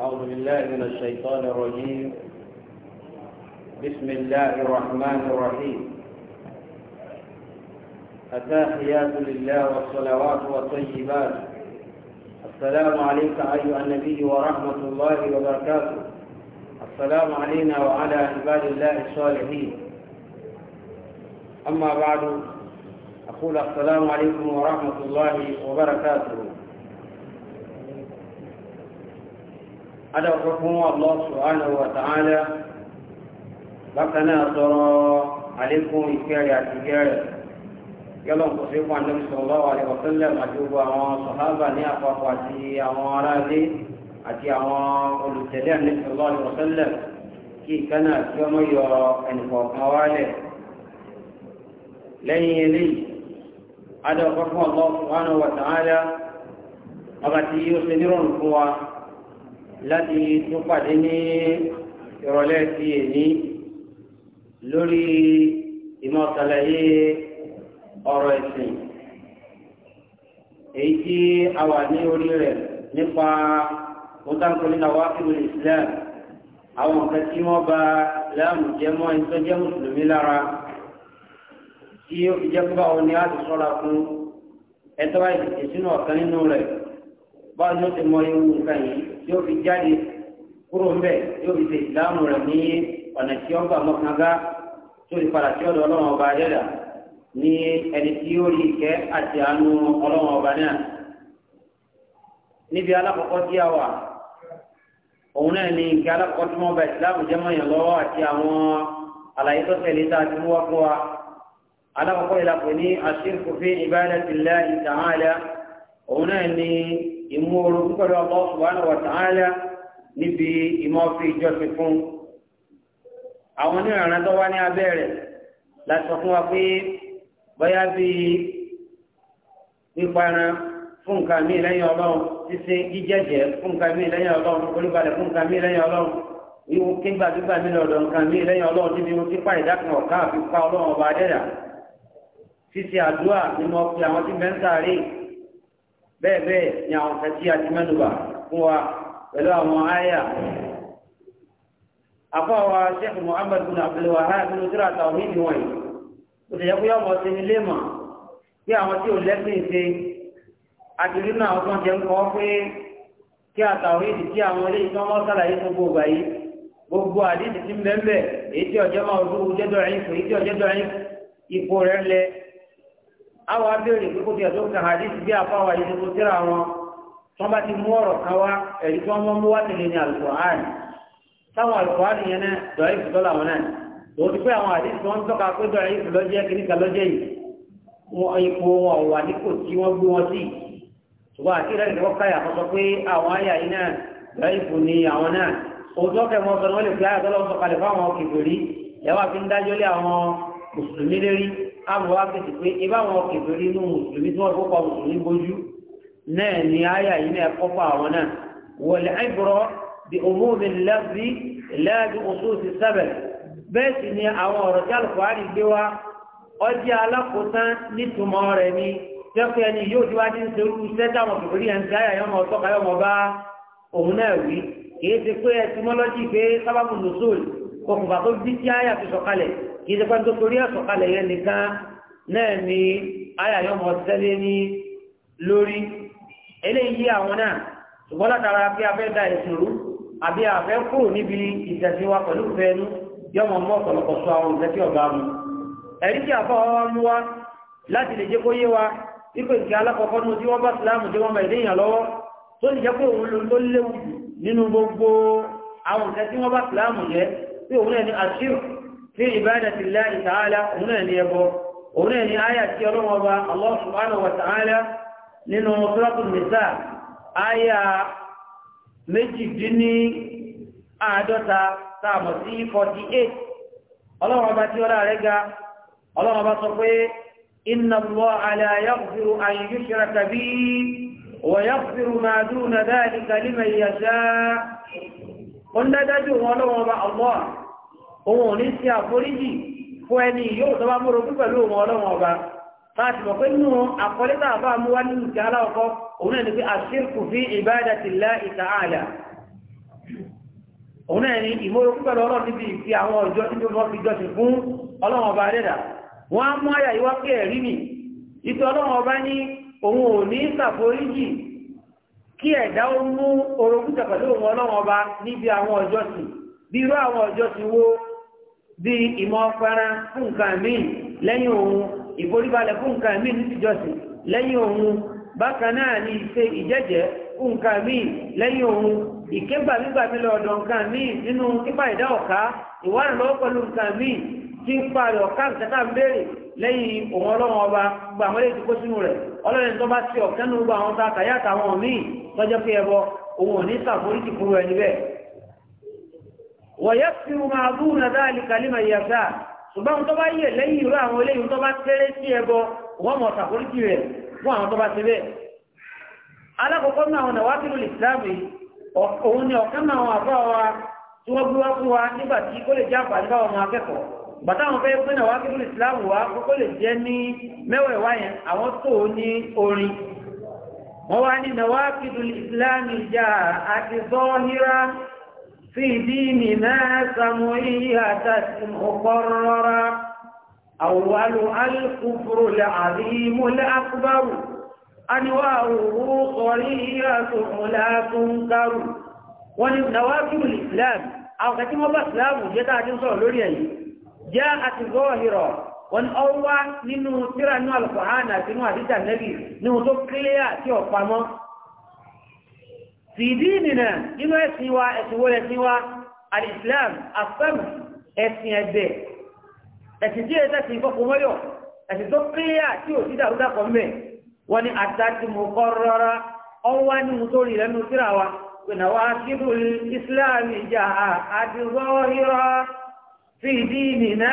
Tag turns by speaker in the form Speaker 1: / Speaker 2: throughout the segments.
Speaker 1: أعوذ بالله من الشيطان الرجيم بسم الله الرحمن الرحيم التحيات لله والصلوات والطيبات السلام عليك أيها النبي ورحمة الله وبركاته السلام علينا وعلى عباد الله الصالحين أما بعد أقول السلام عليكم ورحمة الله وبركاته adáwọ̀kọ́ fún Allah subhanahu wa ta'ala bákan náà sọ̀rọ̀ àlékún ìkẹrẹ àti ìkẹrẹ yọ́lọ̀ kò sí fún Ànábì sallallahu alaihi wa sallam àti gbogbo àwọn sọ̀hábà ní àpapọ̀ àti àwọn ará ilé àti àwọn ọba tí yóò ṣe nírọ̀rùn fún wa láti tún pàdé ní ìrọ̀lẹ́ ti èní lórí ìmọ̀sálàyé ọ̀rọ̀ ẹ̀sìn èyí tí a wà ní orí rẹ̀ nípa mọ́tàkùnrin àwọn akíwìlì Islam àwọn nǹkan tí wọ́n bá láàmù jẹ́ mọ́ ẹni tó jẹ́ mùsùlùmí lára tí ó fi jẹ́ pé báwo ni a ti sọ́ra fún ẹ̀tọ́ báyìí tètè ọ̀kan nínú rẹ̀ báwo ni ó ti mọ ewu nǹkan yìí yóò fi jáde kúrò ń bẹ̀ yóò fi ṣe ìsìláàmù rẹ̀ ní ọ̀nà tí ó ń gbà mọ́kànlá tó fi padà tí ọ̀dọ̀ ọlọ́run ọba ayẹ́dà ní ẹni tí ó rí ìkẹ́ àti àánú ọlọ́run ọba náà níbi alákọ̀ọ́kọ́ tí a wà òun náà ni ìkẹ́ alákọ̀ọ́kọ́ tí wọ́n bá ìsìláàmù jẹ́ mọ́yàn lọ́wọ́ àti àwọn àlàyé tó tẹ̀lé tá a ti mú wá fún wa alákọ̀ọ́kọ́ ìlàpọ̀ ní aṣírkù fi ìbáraẹ̀tìlá ìmú orogún pẹ̀lú Allah subhanahu wa ta'ala níbi ìmọ̀ọ́fì ìjọsìn fún àwọn onírànà tó wá ní abẹ́ rẹ̀ láti sọ fún wa pé bóyá bíi píparan fún nǹkan míì lẹ́yìn ọlọ́run sísin jíjẹ́jẹ́ fún nǹkan míì lẹ́yìn ọlọ́run olúbalẹ̀ fún nǹkan míì lẹ́yìn ọlọ́run wíwo kíngbà gbígbà mí lọ́dọ̀ nǹkan míì lẹ́yìn ọlọ́run níbi wọn pípa ìdákan ọ̀ká àfi pa ọlọ́run ọba adẹ́dà ṣíṣe àdúrà ni mo pe àwọn tí mẹ́ńtà rèé bẹ́ẹ̀ bẹ́ẹ̀ ni àwọn kàtí àti mẹ́nuba fún wa pẹ̀lú àwọn àyà afọwọ́ sheikh muhammad bin abdul wahab bin ojúra tawhid wọ̀nyí ó ti yẹ kó yọ ọmọ sí ní léèmọ̀ bí àwọn tí ò lẹ́sìn ṣe àtìrí náà àwọn kan jẹ́ ń kọ́ pé kí tí àwọn ilé ìtàn wọn sàlàyé fún gbogbo gbogbo tí ń bẹ́ẹ̀ bẹ́ẹ̀ èyí tí ọjọ́ máa àwọn abéèrè pé kó ti ẹ̀dọ́ kan hadith bí àfáwà yìí tó tẹ́ra wọn tí wọ́n bá ti mú ọ̀rọ̀ kan wá ẹ̀rí tí wọ́n mọ́ mú wá tẹ̀lé ní alukur'an táwọn alukur'an yẹn náà dọ̀rọ̀ ìfúdọ́ làwọn náà lòó ti pé àwọn hadith tí wọ́n tọ́ka pé dọ̀rọ̀ ìfúdọ́ jẹ́ kíníkà lọ́jẹ́ yìí ipò wọn wà nípò tí wọ́n gbé wọn sí ṣùgbọ́n àti ìrẹ́lẹ̀ wọ́n káyà kọ́ sọ pé àwọn àyà yìí náà dọ̀rọ̀ ìfù ni àbúrò akéde pé ibà wọn kẹfẹrí inú mùsùlùmí tí wọn kó pa mùsùlùmí bójú náà ní àyà yìí náà kọ́ fún àwọn náà wọlé àìbọ̀rọ̀ bí òmùmí lẹ́bí lẹ́bí oṣù ti sábẹ̀ bẹ́ẹ̀ sì ni àwọn ọ̀rọ̀ tí alùpùpù gbé wa ọjà alákòótán nítumọ̀ rẹ̀ ni tẹ́kọ̀ ẹni yóò ti wá ní ń serú wọn kẹfẹrí ẹni tí àyà yọ ọmọ ọtọ́ bá òun náà wí kì í ti pé ẹtimọ́lọ́jì pé sábàbù nùsùl kọkùnfà tó bí tí àyà ti sọ̀kalẹ̀ kì í ṣe pé nítorí àsọ̀kalẹ̀ yẹn nìkan náà ni àyà yóò mọ̀ sẹ́lẹ̀ ní lórí eléyìí àwọn náà ṣùgbọ́n látara pé a fẹ́ da ìṣòro àbí a fẹ́ kúrò níbi ìtẹ̀síwá pẹ̀lú fẹ́ẹ́nu yóò mọ́ ọ̀pọ̀lọpọ̀ sọ àwọn ìtẹ́sí ọ̀gá mu ẹ̀rí tí àfọ́ wa mú wa láti lè jẹ́ kó yé wa wípé nǹkan alákọ̀ọ́kọ́ nu tí wọ́n bá síláàmù tí wọ́n bá ìdéyàn lọ́wọ́ tó lè jẹ́ pé òun ló tó léwu nínú gbogbo àwọn nǹkan wọ́n bá síláàmù jẹ́ pé òun náà àṣírò fi ìbádàtì láì tààlà òun náà ní ẹbọ òun náà ní àyà tí ọlọ́run ọba Allah subhanahu wa ta'ala nínú suratul nisa àyà méjìdínní àádọ́ta táàmù sí forty eight ọlọ́run ọba tí ọlá rẹ̀ ga ọlọ́run ọba sọ pé inna Allaha la yaghfiru an òun ò ní sí àforíjì fún ẹni yóò tó bá múrogún pẹ̀lú òun ọlọ́run ọba láti mọ̀ pé nínú àkọlé tá a bá mú wá nínú ti aláwọ̀kọ́ òun náà ni pé àṣírkù fi ìbádàtì láì ta'ala òun náà ni ìmúrogún pẹ̀lú ọlọ́run níbi àwọn ọjọ́ tí fi jọ́sìn fún ọlọ́run ọba rẹ̀dà wọ́n á mú àyà ìwá pé ẹ̀rí mi ìtọ́ wo bí ìmọ̀ ọ̀pẹran fún nǹkan míì lẹ́yìn òun ìforíbalẹ̀ fún nǹkan míì nítìjọsìn lẹ́yìn òun bákan náà ní ìṣe ìjẹ́jẹ́ fún nǹkan míì lẹ́yìn òun ìkégbàmígbàmí lọ́dọ̀ nǹkan míì nínú kípa ìdá ọ̀ká ìwárùn lọ́wọ́ ويكفر ما دون ذلك لمن يشاء ṣùgbọ́n tó bá yẹ lẹ́yìn irú àwọn eléyìí tó bá kéré sí ẹbọ wọ́n mọ̀ ṣàforíjì rẹ̀ fún àwọn tó bá ṣe bẹ́ẹ̀. alákọ̀ọ́kọ́ náà wọn wá sínú ìsìláàmù òun ni ọ̀kan náà wọn àbá wa tí wọ́n gbé wá fún wa nígbà tí kó lè jẹ́ àǹfààní báwọn ọmọ akẹ́kọ̀ọ́. bàtà àwọn fẹ́ pín náà wá sínú ìsìláàmù wa kó lè jẹ́ ní mẹ́wẹ̀ẹ̀wá yẹn àwọn tó ní orin wọ́n wá ní nàwákìdù ìsìláàmù ìjà àti zọ́ọ́hírá في ديننا سمعية مقررة أول الكفر العظيم الأكبر أنواعه صرية لا تنكر ونواكب الإسلام أو كتم الله إسلام جدا جنسة لوريا جاءت ظاهرة wọn ọwá nínú tíra nínú alùpàá àti nínú àdíjà nẹ́bì ní wọn kílẹ̀ àti ọ̀pamọ́ في ديننا لما سوى سوى سوى الإسلام الصبر ẹ̀sìn ẹgbẹ́ ẹ̀sìn tí ẹ̀sẹ̀ ti fọ́kùn mọ́yọ̀ ẹ̀sìn tó kíyà tí ò sídà ó dákọ̀ mẹ́ wọ́n ni àtàkì mọ̀ kọ́ rọ́rá ọwá ní mú tó rí lẹ́nu síra wa pẹ̀lú wa kíkù islam ìjà àdìgbọ́hírọ́ sí ìdí nìna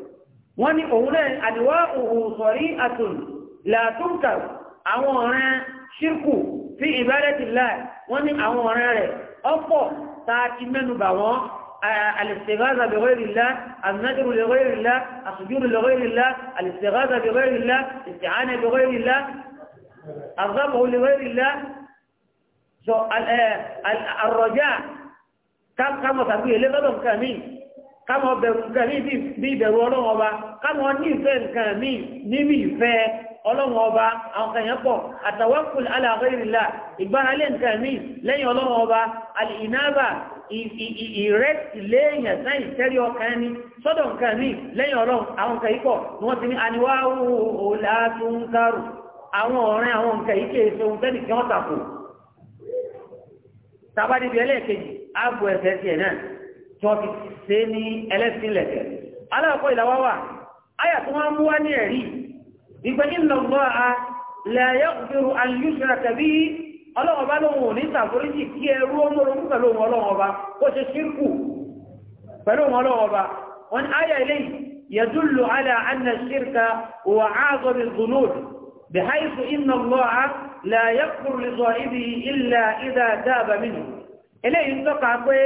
Speaker 1: wọ́n ní òun náà àdìwá òhun sọ̀rí àtùn làtúntà àwọn ọ̀ràn ṣírkù fi ibadatillah wọ́n ní àwọn ọ̀ràn rẹ̀ ọ̀pọ̀ tá a ti mẹ́nubà wọ́n الاستغاثة بغير الله النذر لغير الله السجود لغير الله الاستغاثة بغير الله الاستعانة بغير الله الذبح لغير الله الرجاء كم كم تقول لغضب كمين kámọ bẹ̀rù nǹkan ní bí ìbẹ̀rù ọlọ́run ọba kámọ ní ìfẹ́ nǹkan mí níbi ìfẹ́ ọlọ́run ọba àwọn kẹyàn pọ̀ àtàwákùn aláàrẹ́rìlá ìgbáralé nǹkan mí lẹ́yìn ọlọ́run ọba alìnáàbà ìrẹ́tìléèyàn sáyìn tẹ́rí ọkàn ni sọ́dọ̀ nǹkan mí lẹ́yìn ọlọ́run àwọn kẹyí pọ̀ ni wọ́n ti ní aniwáwò látúnkárù àwọn ọ̀rẹ́ àwọn nǹkan yìí kèé ṣe ohun tẹ́nì kí wọ́n tàkù tàbádìbí ẹlẹ́ẹ̀kejì áàbò ẹ̀fẹ́ tiẹ̀ náà tí wọ́n fi ṣe ní ẹlẹ́sìn lẹ̀kẹ̀. aláàkọ́ ìlàwọ́ wà áyà tí wọ́n mú wá ní ẹ̀rí wípé inna Allaha la yaghfiru an yushraka bihi ọlọ́wọ́ bá lóhun ò ní ṣàforíjì kí ẹrú ọmọrogún pẹ̀lú ohun ọlọ́wọ́ bá kó ṣe ṣírkù pẹ̀lú ohun ọlọ́wọ́ bá wọn áyà ilé yadullu ala anna shirka wa a'zamu dhunub بحيث إن الله لا يغفر لصاحبه إلا إذا تاب منه إليه انتقع قوي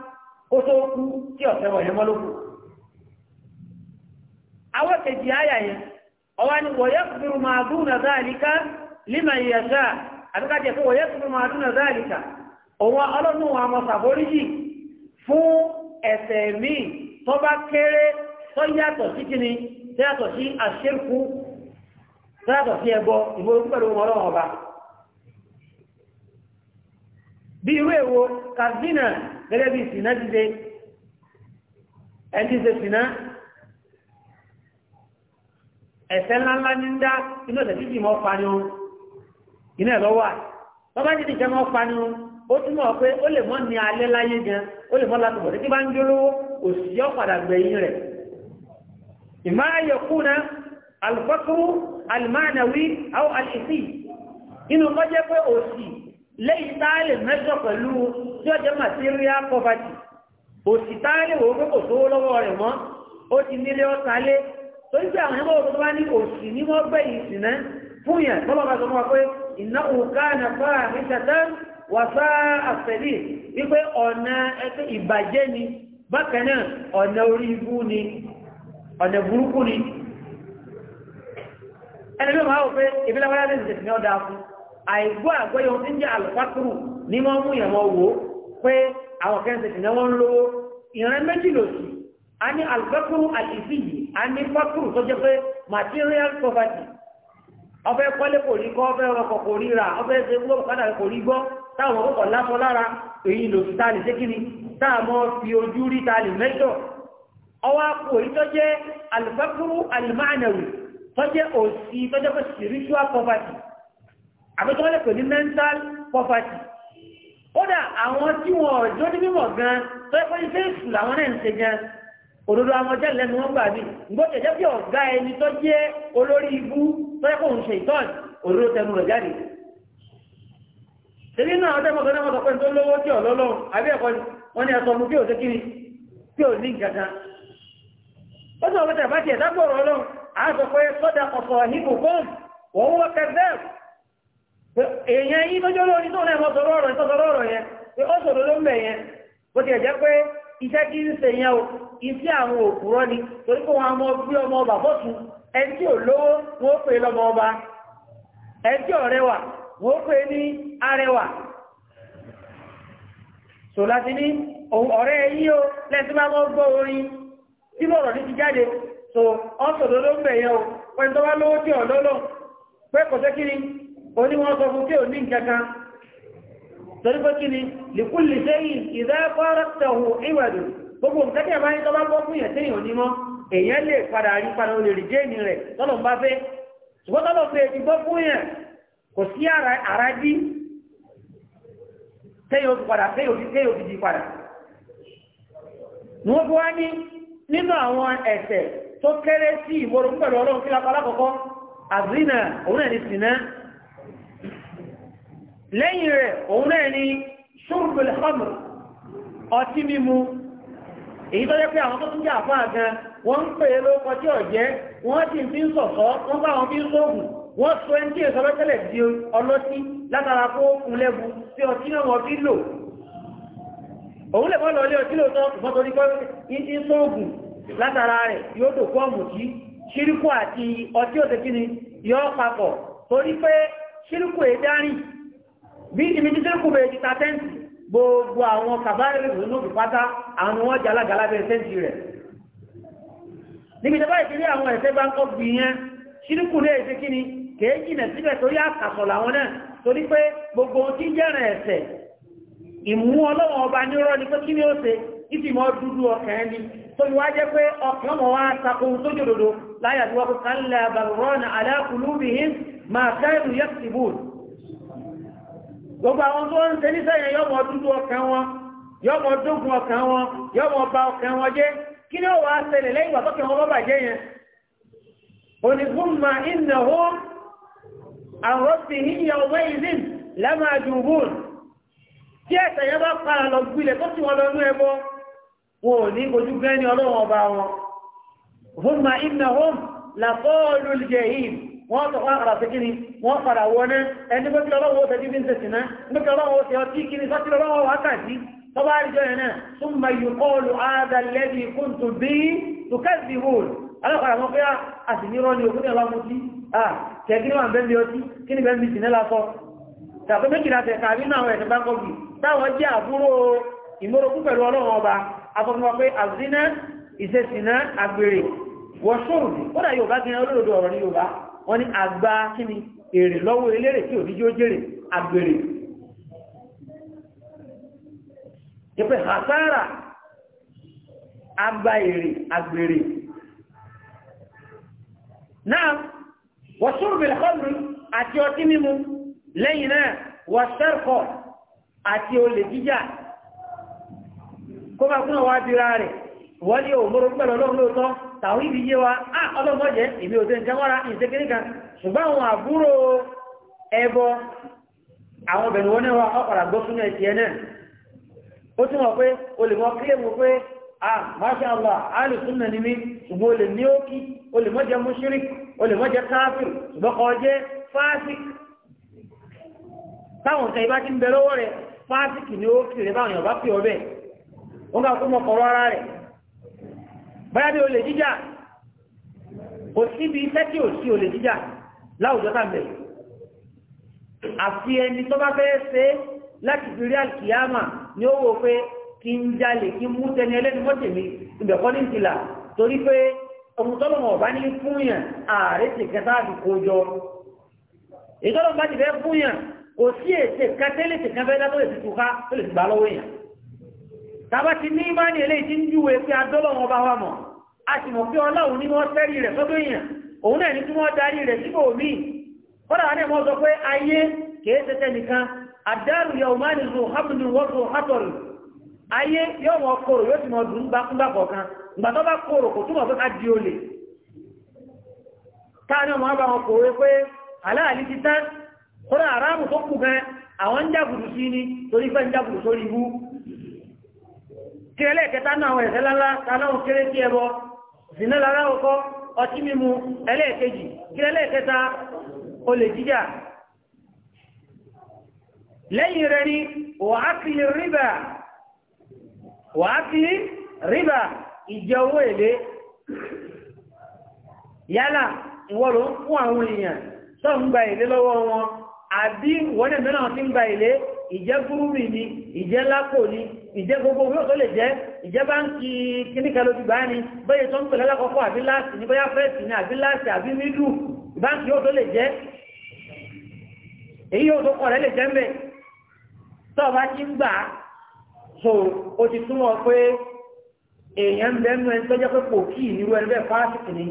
Speaker 1: kó tó kú tí ọ̀fẹ́ wọ̀ yẹn mọ́ àwọn kejì àyà yẹn ọwọ́ ni wọ̀yẹ́ kúrú máa dùn náà lima límà ìyàṣà àbíká jẹ́ pé wọ̀yẹ́ kúrú máa dùn náà dáàlíkà òun ọlọ́run wọn àmọ́ sàforíjì fún ẹ̀ṣẹ̀ míì tó bá kéré tó yàtọ̀ sí kíni tó yàtọ̀ sí tó yàtọ̀ sí ẹbọ ìmọ̀ orúkú pẹ̀lú ọlọ́run ọba bí irú èwo kazina gẹ́gẹ́ bí sinna dídé ẹni ṣe sinna ẹ̀ṣẹ̀ ńláńlá ní ń dá inú ẹ̀ṣẹ̀ títí mọ́ pani o iná ẹ̀ lọ́wọ́ à bàbá títí jẹ́ mọ́ pani o ó túmọ̀ pé ó lè mọ́ ní alẹ́ láyé gan ó lè mọ́ láti bọ̀ títí bá ń dúró òsì yọ padà gbẹ̀yìn rẹ̀ ìmọ̀ náà alùpàkùrù alìmánàwí àwọn àlìsí inú kọjẹ́ pé òsì lẹ́yìn táàlè mẹ́jọ pẹ̀lú tí ó jẹ́ material poverty òsì táàlè wò pé kò sówó lọ́wọ́ rẹ̀ mọ́ ó ti nílé ó talé tó ń jẹ́ àwọn ẹgbẹ́ òkú tó bá ní òsì ní wọ́n gbé ìsìnà fún yẹn tó bá sọ wọn pé iná òkà nà fà àríṣàtà wà fà àfẹ́lì wípé ọ̀nà ẹgbẹ́ ìbàjẹ́ ni bákan náà ọ̀nà orí ibú ni ọ̀nà burúkú ni ẹni ló máa pé ìbílẹ̀ wáyé àìgbọ́ àgbẹ́yọ tí ń jẹ́ alùpàtùrù ní wọ́n mú ìyàmọ́ wo pé àwọn kẹ́ńtẹ̀ tí wọ́n ń lówó ìran méjì lòsì a ní alùpàtùrù àìsí yìí a ní pàtùrù tó jẹ́ material poverty ọfẹ́ kọ́lé kò rí kọ́ ọfẹ́ ọkọ̀ kò rí ra ọfẹ́ ṣe gbọ́ kọ́dà kò rí gbọ́ táwọn ọkọ̀ lásọ lára èyí lòsì lè fi ojú rí tá lè àbẹ́tọ́ wọ́n lè pè ní mental poverty kódà àwọn tí wọn ọjọ́ ní mímọ̀ gan tó yẹ pé iṣẹ́ ìsù làwọn náà ń ṣe gan òdodo amọ̀jẹ́ lẹ́nu wọn gbà mí gbọ́dọ̀ jẹ́ bí ọ̀gá ẹni tó jẹ́ olórí ibú tó yẹ kó ń ṣe ìtọ́n òdodo tẹnu rẹ̀ jáde ṣèlú náà ọdẹ mọ̀gán náà wọ́n sọ pé tó lówó tí ọ̀lọ́lọ́ àbí ẹ̀kọ́ wọn ni ẹ̀sọ́ mu kí òṣè kiri kí ò ní nǹkan ó sọ pé tẹ̀fà tiẹ̀ dágbòrò ọlọ́run àá sọ pé sọ́dà ọ̀sọ̀ ìbùkún wọ́n wọ́ kẹfẹ́ èèyàn yí lọ́jọ́ lórí tó náà ọ̀rọ̀ ìtọ́sọ̀rọ̀ ọ̀rọ̀ yẹn pé ó sọ̀rọ̀ ló ń bẹ̀ yẹn bó ti ẹ̀jẹ̀ pé iṣẹ́ kí ń ṣe yẹn o iṣẹ́ àwọn òkúrọ́ ni torí wọn mọ bí ọmọ ọba bọ́tù ẹni tí ò lówó wọn ọba ẹni tí pè ní arẹwà sò láti ní ọ̀rẹ́ yí o lẹ́sìn gbọ́ orin tí ní ti jáde so ọ̀sọ̀rọ̀ ló ń bẹ̀ yẹn oní wọn sọ fún kí o ní nǹkankan torípé kí ni lìkúlì sẹ́yìn ìdáfárátàwò ìwàdù gbogbo nǹkan tí a bá ní tọ́bá bọ́ fún ìyẹ̀sẹ́ ìhàn ní mọ́ èèyàn lè padà rí padà olè rí jéènì rẹ̀ tọ́lọ̀ ń bá fẹ́ ṣùgbọ́n tọ́lọ̀ fẹ́ ti bọ́ fún yẹn kò sí ara dí tẹ́yọ̀ fi padà tẹ́yọ̀ àzínà òun ẹ̀ ní sinẹ́ lẹ́yìn rẹ̀ òun náà ni ṣúrùbùl khamr ọtí mímu èyí tó jẹ́ pé àwọn tó tún jẹ́ àfáà gan wọ́n ń pè é lóko tí ọ̀jẹ́ wọ́n ti fi ń sọ̀sọ́ wọ́n bá wọn fi ń sóògùn wọ́n sọ ẹni tí èso di ọlọ́tí látara kó kún lẹ́bu tí ọtí náà wọ́n fi lò òun lè mọ́ lọ ilé ọtí lóòótọ́ ìbọn bí ibi tí sẹ́kù bẹ̀rẹ̀ ti ta tẹ́ǹtì gbogbo àwọn kàbáyèrè lónìí pátá àwọn wọn jalagala bẹ̀rẹ̀ tẹ́ǹtì rẹ̀ níbi tẹ́bá ìpínlẹ̀ àwọn ẹ̀fẹ́ bá ń kọ́ gbì yẹn ṣíríkù lè ṣe kí ni kèé jìnà síbẹ̀ torí àkàsọ̀ làwọn náà torí pé gbogbo tí jẹ́rìn ẹ̀ṣẹ̀ ìmú ọlọ́wọ́n ọba nírọ́ ni pé kí ni ó ṣe ìfìmọ̀ dúdú ọkàn ẹni tó wá jẹ́ pé ọkàn mọ̀ wá takun tó jòdòdó láyàdúwọ́ kálẹ̀ àbàrọ̀nà aláàkùlúbìhìn máa kẹ́rù yẹ́ gbogbo àwọn tó ń ṣe níṣẹ́ yẹn yọ́mọ dúdú ọkàn wọn yọ́mọ dógún ọkàn wọn yọ́mọ ba ọkàn wọn jẹ́ kí ni ó wàá ṣẹlẹ̀ lẹ́yìn ìgbà tọ́kẹ́ wọn bá bàjẹ́ yẹn onígbùnmá ìnáwó àròsì yíyan ọwọ́ ìlú lẹ́mọ̀ àdùnbùn tí ẹ̀sẹ̀ yẹn bá padà lọ gbilẹ̀ tó ti wọn lọ nú ẹbọ wọn ní ojú gbẹ́ni ọlọ́wọ́n ọba wọn. hùmà ìnáwó làkọ́ọ̀lù jẹ̀hìn wọ́n tọ̀kọ́ àkàrà sí kíni wọ́n padà wọná ẹni pé kí ọlọ́wọ́ tẹ́jú bí ń tẹ̀sì náà ní kí ọlọ́wọ́ tẹ́ ọtí kíni sọ́tí ọlọ́wọ́ wákàtí tọ́bá àríjọ yẹn náà tún ma yìí kọ́ọ̀lù àádàlẹ́bì kúntù bí tukẹ́sì hùl alákọ̀ọ́rà mọ́ pé ah, a sì ní rọ́ọ̀lì òkú ní ọlọ́mú tí a ah, tẹ̀kí ní wà ń ni bẹ́ẹ̀ bí sinẹ́ ní Yorùbá wọ́n ní àgbà kíni èrè lọ́wọ́ elérè tí òdíjó jèrè àgbèrè ìpé hasara àgbà èrè àgbèrè náà wọ́sùrùbìlì khamri àti ọtí mímu lẹ́yìn náà wọ́sẹ́rkọ̀ àti olè jíjà kó bá kúnnà wá dira rẹ̀ wọ́n ní òmòrò pẹ̀lú ọlọ́run lóòótọ́ tàwọn ìbí yé wa ah ọlọ́mọ jẹ́ èmi ò tẹ́ nǹkan mọ́ra ìṣe kéré kan ṣùgbọ́n àwọn àbúrò ẹbọ àwọn obìnrin wọn náà ọkọ̀rà gbọ́ súnú ẹ̀tì ẹ̀ náà ó túnmọ̀ pé o lè mọ́ kílé mú pé a ah, masha Allah ni mí ṣùgbọ́n o lè ní ókí o lè mọ́ jẹ mushrik o lè mọ́ jẹ jẹ́ fásik táwọn ni ó kì rẹ̀ báwọn èèyàn bá báyá bí olè jíjà kò síbi iṣẹ́ tí ò sí olè jíjà láwùjọ tàbí àfi ẹni tó bá fẹ́ ṣe láti fi rí àkìyàmà ni ó wò pé kí ń jalè kí mú tẹni ẹlẹ́ni mọ́tì mi ìbẹ̀kọ́ ní ìtìlà torí pé ohun tọ́lọ́mọ̀ ọ̀bá ní fún yàn ààrẹ ti kẹta àti kójọ ìtọ́lọ́mọ̀ bá ti fẹ́ fún yàn kò sí èsè kátẹ́lẹ̀ tẹ̀kẹ́fẹ́ dá tó lè ti túká tó lè ti gbà lọ́wọ́ yàn tàbá ti ní ìmáàní eléyìí tí ń júwe pé adọ́lọ́wọ́ bá wà mọ̀ a sì mọ̀ pé ọlọ́run ní wọ́n tẹ́rí rẹ̀ sọ́dọ̀ èèyàn òun náà ní tí wọ́n darí rẹ̀ síbò mí kọ́dà wọn mọ́ sọ pé ayé kìí tẹ́tẹ́ nìkan àdárù yà òmáàní zo wọ́tò mọ kòrò yóò dùn gbàkúgbà kọ̀ọ̀kan tó bá kòrò kò túmọ̀ pé ká di olè ọmọ kí ẹlẹ́ẹ̀kẹta na àwọn ẹ̀sẹ̀ lálá tàlọ́hùn kéré sí ẹbọ ọkọ ọtí mímu ẹlẹ́ẹ̀kejì kí ẹlẹ́ẹ̀kẹta olè lẹ́yìn rẹ̀ ni wàákì rìbà wàákì rìbà ìjẹ owó èlé yálà ìwọ mba fún àwọn èèyàn àbí wọ́n ẹ̀mẹ́ náà ti ń gba ilé ìjẹ́ gúrúmì ni ìjẹ́ lápò ni ìjẹ́ gbogbo yóò tó lè jẹ́ ìjẹ́ bá ń kí kíníkà ló ti gbá ní bóyá tó ń pèlè lákọ̀ọ́kọ́ àbí láàsì ní bóyá fẹ́ẹ̀sì ní àbí láàsì àbí mídù báńkì yóò tó lè jẹ́ èyí yóò tó kọ̀ rẹ̀ lè jẹ́ mbẹ̀ tó bá ti ń gbà so o ti túmọ̀ pé èèyàn bẹ́ẹ̀ ẹni tó jẹ́ pé kò kí ìnirú ẹni bẹ́ẹ̀ fásitì ni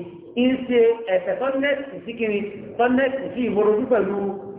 Speaker 1: ń ṣe ẹ̀fẹ̀ tọ́nẹ́sì sí kiri tọ́nẹ́sì sí ìmọ̀rọ̀ pẹ̀lú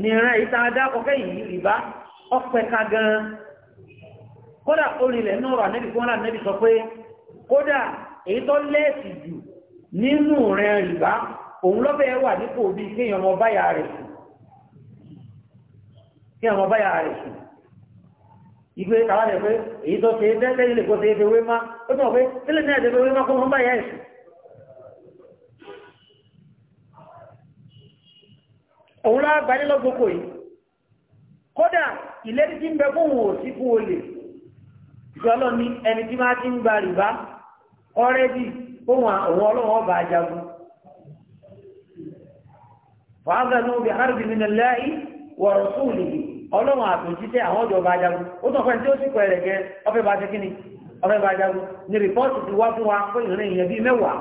Speaker 1: ní ìran ìta adákọ̀ọ́kẹ́ yìí rìbá ọpẹka gan kódà orílẹ̀ náà rà nẹ́bì kọ́nà nẹ́bì sọ pé kódà èyí tó lẹ́ẹ̀sì jù nínú rẹ̀ rìbá òun lọ́bẹ̀ wà nípò bí kéèyàn báyà òun lá gbadé lọ́gbọ́kọ̀ yìí kódà ìlérí tí ń bẹ fún òun ò sí fún olè ìjọlọ ní ẹni tí máa ti ń gba rìbá ọrẹ́dì fóun àwọn ọlọ́wọ́ bá jagun fàázànú bí harbin min Allahi wa rasulihi ọlọ́wọ́ àtúnjíṣẹ́ àwọn ọjọ́ bá jagun ó tọ́ fẹ́ni tí ó sì pẹ̀ rẹ̀ gẹ́ ọfẹ́ bá jẹ́ kíni ọfẹ́ bá jagun ni rìpọ́ọ̀tù ti wá fún wa fún ìrìn bíi mẹ́wàá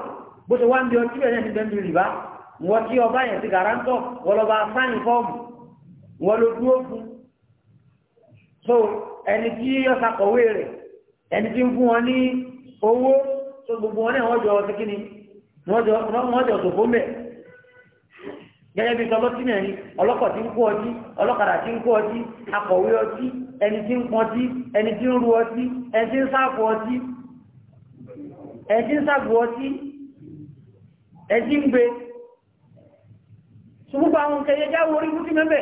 Speaker 1: bó wọ́n tí ọba yẹn ti garantọ̀ wọ́n lọ́ba sáyìn fọ́ọ̀mù wọ́n ló dúró fún so ẹni tí yóò ṣàkọ̀wé rẹ̀ ẹni tí ń fún wọn ní owó tó gbogbo wọn náà wọ́n jọ ọtí kíni wọ́n jọ sòfó mẹ́ gẹ́gẹ́ bí ọlọ́tí náà ni ọlọ́kọ̀ tí ń kó ọtí ọlọ́kadà tí ń kó ọtí akọ̀wé ọtí ẹni tí ń pọn ọtí ẹni tí ń ru ọtí ẹni tí ń sáàfù ọtí ẹni tí ń sáàfù ọtí ẹni tí ń gbé gbogbo ahụ nǹkan yẹn jáwé orí fún kímẹ́bẹ̀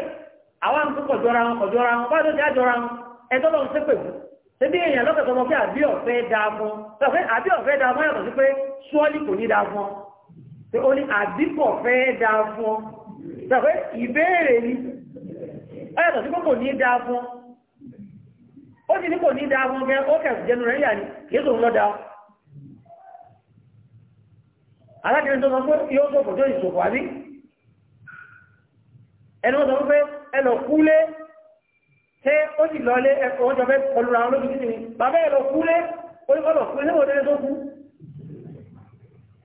Speaker 1: awa nǹkan kọjọra wọn kọjọra ahụ báyọ̀ já ahụ wọn ẹjọ́ lọ́n ṣe pè fún ṣébí èèyàn lọ́kẹ̀ tọmọ pé àbí ọ̀fẹ́ dáa fún sí pé kò ní ní kò ni sí pé kò ní ó ní kò ní ó jẹnu kì í lọ tó ẹni wọ́n sọ wípé ẹlọ kúlé ṣé ó sì lọlé ẹ̀kọ́ wọ́n jọ fẹ́ kọlura wọn lójú títì ni bàbá ẹlọ kúlé ó ní kọlọ kúlé sẹ́wọ̀n tẹ́lẹ̀ tó kú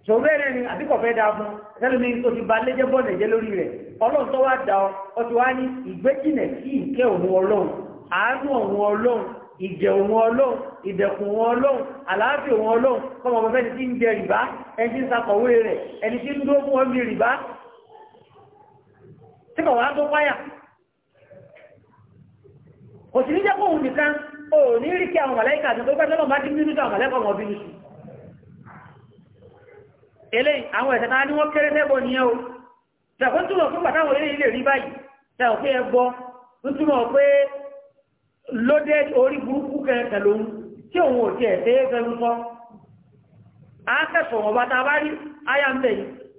Speaker 1: ṣòwò bẹ́ẹ̀ ni àbíkọ̀ fẹ́ dáa fún sẹ́nu mi tó ti ba lẹ́jẹ́ bọ́ nàìjẹ́ lórí rẹ̀ ọlọ́run tó wá da ọ ọ ti wá ní ìgbéjìnà sí ìkẹ́ òun ọlọ́run àánú òun ọlọ́run ìjẹ òun ọlọ́run ìdẹ̀kùn òun ọlọ́run àlàáfíà òun ọlọ́run kọ́mọ ọmọ fẹ́ni tí ń jẹ rìbá ẹni tí ń sakọ̀wé rẹ̀ ẹni tí ń dúró fún ọmọ rìbá tí kò wá tó páyà kò sí ní jẹ́ kóhun nìkan o ní rí kí àwọn mọ̀lẹ́kà àti ọgbẹ́ tọ́lọ̀ bá dín nínú àwọn mọ̀lẹ́kà ọmọ bínú sí eléyìí àwọn ẹ̀sẹ̀ ní wọ́n kéré tẹ́bọ̀ ní ẹ́ o tẹ̀kọ́ túnmọ̀ fún pàtàwọn rí báyìí tẹ̀kọ́ pé ẹgbọ́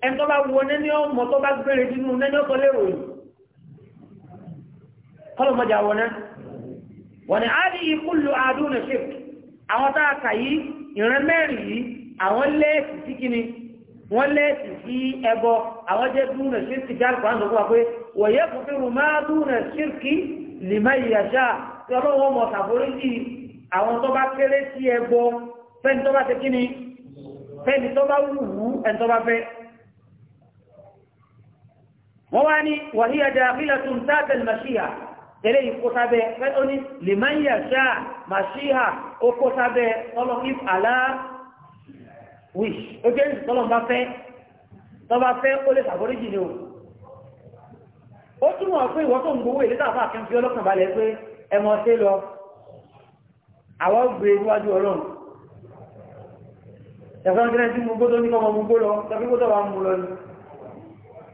Speaker 1: ẹni tó bá wọ nẹ́ni ọmọ tó bá gbére nínú nẹ́ni ọ̀tọ̀ lérò yìí kọ́lọ̀mọ́jà wọ náà wọ́n ni áàdì ìkúlù àádúnà ṣe àwọn tá a kà yí ìran mẹ́rin yìí àwọn lẹ́ẹ̀sì sí kíni wọ́n lẹ́ẹ̀sì sí ẹbọ àwọn jẹ́ dúnà ṣe ti jáde kwan sọ́kọ́ pé wọ̀nyẹ́ kò fi rùn máa dúnà ṣe kí lìmọ̀ ìyàṣá tí ọlọ́wọ́ mọ̀ sàforíjì àwọn tó bá kéré sí ẹbọ fẹ́ni tó bá ṣe kíni fẹ́ni tó bá wù wú ẹni tó bá fẹ́ wọ́n wá ní wàhíyà dàbílẹ̀ tó ń tàbẹ̀ màṣíhà eléyìí kó sábẹ́ fẹ́ ó ní lèmọ́yà ṣá màṣíhà ó kó sábẹ́ tọ́lọ́ if àlá wish ó jẹ́ tọ́lọ́ bá fẹ́ tọ́ba fẹ́ ó lè ṣàforíjì ni o ó túmọ̀ pé ìwọ́n tó ń gbowó ìlẹ́ta àfa àkànfi ọlọ́kàn balẹ̀ pé ẹ ṣe lọ àwọn gbé níwájú ọlọ́run ẹ̀fọn gírẹ́ntì mú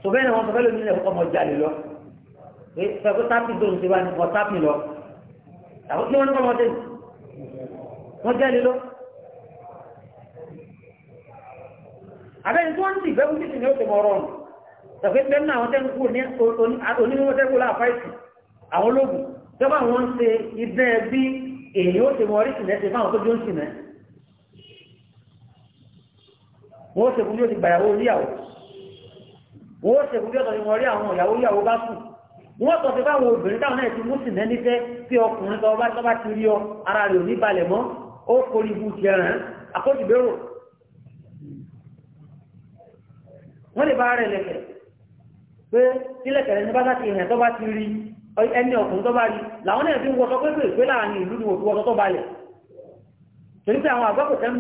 Speaker 1: sọ̀bẹ́ni wọn sọ̀bẹ́ lómi nílẹ̀ fọmọ jalè lọ fẹ́ kó tápì dòun ti wá ní kọ́ tápì lọ àwọn tí wọ́n ní kọ́mọdé wọ́n jalè lọ. àbẹ́ni tí wọ́n ti bẹ́ẹ̀ kú títì ní oṣù mọ́rọ́ ọ̀nà tọ̀fẹ́ bẹ́ẹ̀ náà àwọn tẹ́nu kú onímọ̀ tẹ́kù láàfáìsì àwọn ológun tọ́ba àwọn ń ṣe ibẹ́ bí èyí ó ṣe mọ̀rí sílẹ̀ ṣe fáwọn tó jó ń sì mẹ́ wọ́n ṣe fún yóò ti gbàyàwó oníyàwó wọ́n ṣe gbogbo ẹ̀tọ́ ni wọ́n rí àwọn ìyàwó ìyàwó bá sùn wọ́n tọ́ sí báwọn obìnrin táwọn náà ti mú sí mẹ́ nífẹ́ tí ọkùnrin tó bá tọ́ba ti rí ọ ara rẹ̀ ò ní balẹ̀ mọ́ ó kórí ibu ti ẹ̀ràn àkójúbérò wọ́n lè bá rẹ̀ lẹ̀kẹ̀ pé sílẹ̀kẹ̀ rẹ̀ ní bá ti hàn tó bá ti rí ẹni ọkùnrin tó rí làwọn náà fi ń wọṣọ pépè pé láàrin ìlú ni òfin wọṣọ tó balẹ̀ torí pé àwọn àgbàkùn kan ń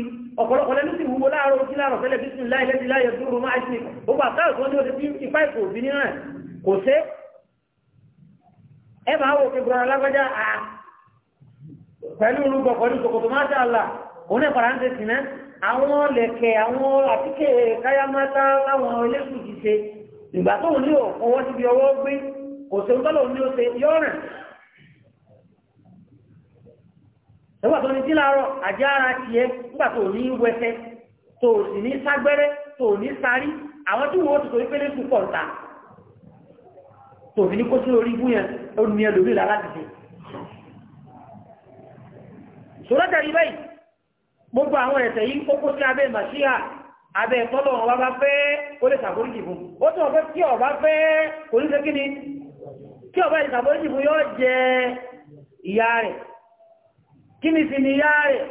Speaker 1: bẹ ní ọ̀pọ̀lọpọ̀ lẹ́nu sì wúwo láàárọ̀ ojú láàárọ̀ fẹ́lẹ̀ bísí láì lẹ́sí láì yẹ dúró máa ṣe gbogbo àkáàrù tó ní o ti bí ní rẹ̀ kò sé ẹ máa wo lágbájá à pẹ̀lú pẹ̀lú máa ṣe àlà òun sí àwọn lẹ̀kẹ̀ àwọn káyámátá ti ọwọ́ gbé kò ẹgbà tó ní sí láàárọ̀ àjẹ́ ara tiẹ̀ nígbà tó ní wẹsẹ̀ tó sì ní ságbẹ́rẹ́ tó ní sárí àwọn tí wọ́n ti torí pé lẹ́sùn pọ̀ ta tó fi ní kó sí orí gún yẹn ó ní ẹlòmí lára dìde sọ́lọ́tà rí báyìí gbogbo àwọn ẹ̀ṣẹ̀ yìí kókó sí abẹ́ màṣíà abẹ́ tọ́lọ̀ ọba bá fẹ́ ó lè ṣàforíjì fún ó tún ọ̀fẹ́ tí ọba fẹ́ kò ní ṣe kí ni tí ọba ìṣàforíjì fún yóò jẹ ìyá rẹ̀ kí ni sì ní yá rẹ̀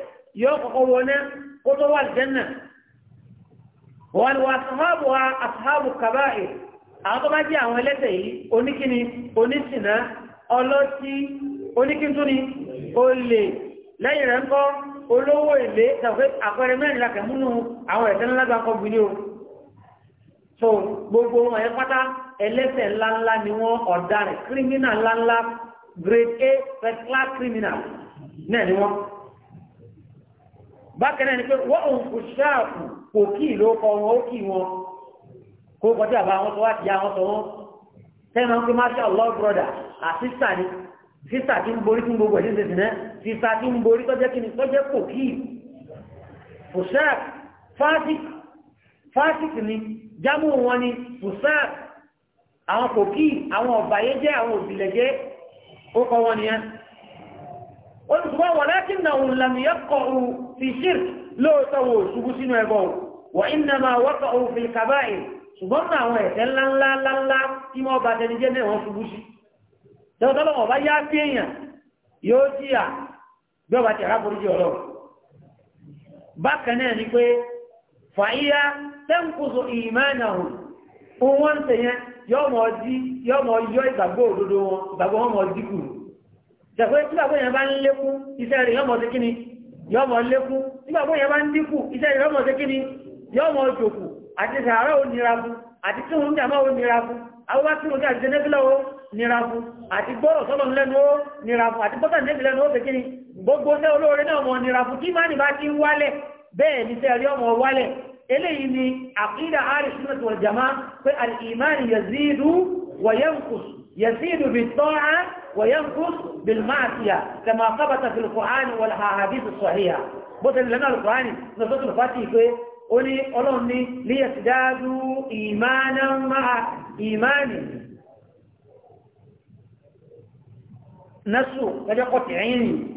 Speaker 1: yóò kọ̀kọ́ wọlé kó tó wà jẹ́nà wọ́n wà sàhábù wa àsàhábù kàbáyé àwọn tó bá jẹ́ àwọn ẹlẹ́tẹ̀ yìí oníkíni onísìnà ọlọ́tí oníkíntúni olè lẹ́yìn rẹ̀ ń kọ́ olówó èlé tàbí àpẹẹrẹ mẹ́rin lákẹ̀ múnú àwọn ẹ̀sẹ̀ ńlá gbà kọ́ bìí o so gbogbo wọn ẹ̀ pátá ẹlẹ́sẹ̀ ńláńlá ni wọ́n ọ̀daràn kírímínà ńláńlá grade a first class criminal náà ni wọ́n bákan náà ni pé wọ́n òun ṣáàpù kò kí ìlú ọkọ wọn ó kì wọn kó kọjá àbá wọn tó wá ti ya wọn wọn tẹ́lẹ̀ wọn pé broda àtìsà ni tí ń borí tí ń gbogbo ẹ̀ ṣẹ̀ṣẹ̀ náà sísà tí ń borí tọ́jẹ́ kí ni tọ́jẹ́ kò kí ni jámù wọn ni àwọn kò kí olùsùgbọ́ walakinnahum lam yaqa'u fi shirk lóòótọ́ wò ṣubú sínú ẹbọ wa innama waqa'u fil kaba'ir ṣùgbọ́n náà àwọn ẹ̀ṣẹ̀ ńláńláńlá tí wọ́n bá tẹni jẹ́ náà wọ́n ṣubú sí tẹ́wọ́tọ́lọ́wọ́ bá yá sí èèyàn yóò ṣẹ̀fẹ́ nígbàgbọ́ yẹn bá ń lékún iṣẹ́ rẹ̀ yọ́mọ̀ sí kíni yọ́mọ̀ lékún nígbàgbọ́ yẹn bá ń dínkù iṣẹ́ rẹ̀ yọ́mọ̀ sí kíni yọ́mọ̀ òjòkù àti sàárọ̀ ò nira fún àti tí òun jàmọ́ ò nira fún àwọn tí òun jàmọ́ nẹ́bílẹ̀ ó nira fún àti gbọ́rọ̀ sọ́lọ̀ lẹ́nu ó nira fún àti bọ́tà nẹ́bílẹ̀ ó fẹ́ kíni gbogbo bẹ́ẹ̀ ni sẹ́ẹ̀rí ọmọ wálẹ̀ eléyìí ni àkídà àrìsúnmọ̀tò ọ̀jàmá pé al-imani yazidu wa yanqus يزيد بالطاعة وينقص بالمعصية كما ثبت في القرآن والحديث الصحيح. بطل لنا القرآن نصوص الفاتحة أولي أولوني ليزدادوا إيمانا مع إيمان نسو لدي قطعين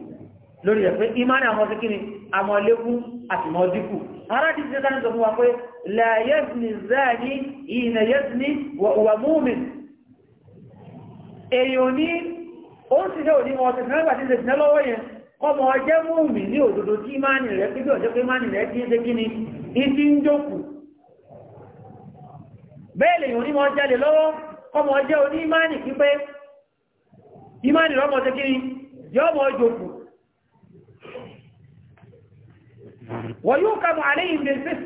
Speaker 1: lórí ẹ̀fẹ́ ìmáni àwọn ọ̀sẹ̀ kíni àmọ́ lékún àti mọ́ díkù لا ti ṣe tánà tó fún wa èèyàn ní ó ń ṣiṣẹ́ òní wọn ṣe sinẹ́gbà tí ṣe sinẹ́ lọ́wọ́ yẹn kọmọ ọjẹ́ múùmí ní òdòdó tí ni ìdí ń jókù bẹ́ẹ̀ lèyàn onímọ̀ jẹ́lẹ̀ lọ́wọ́ kọmọ ọjẹ́ oní máàni pípé ìmáàni rọ́mọ ṣe kí ni yọ́mọ jókù wọ́n yóò ká mọ̀ àlẹ́ ìgbésẹ̀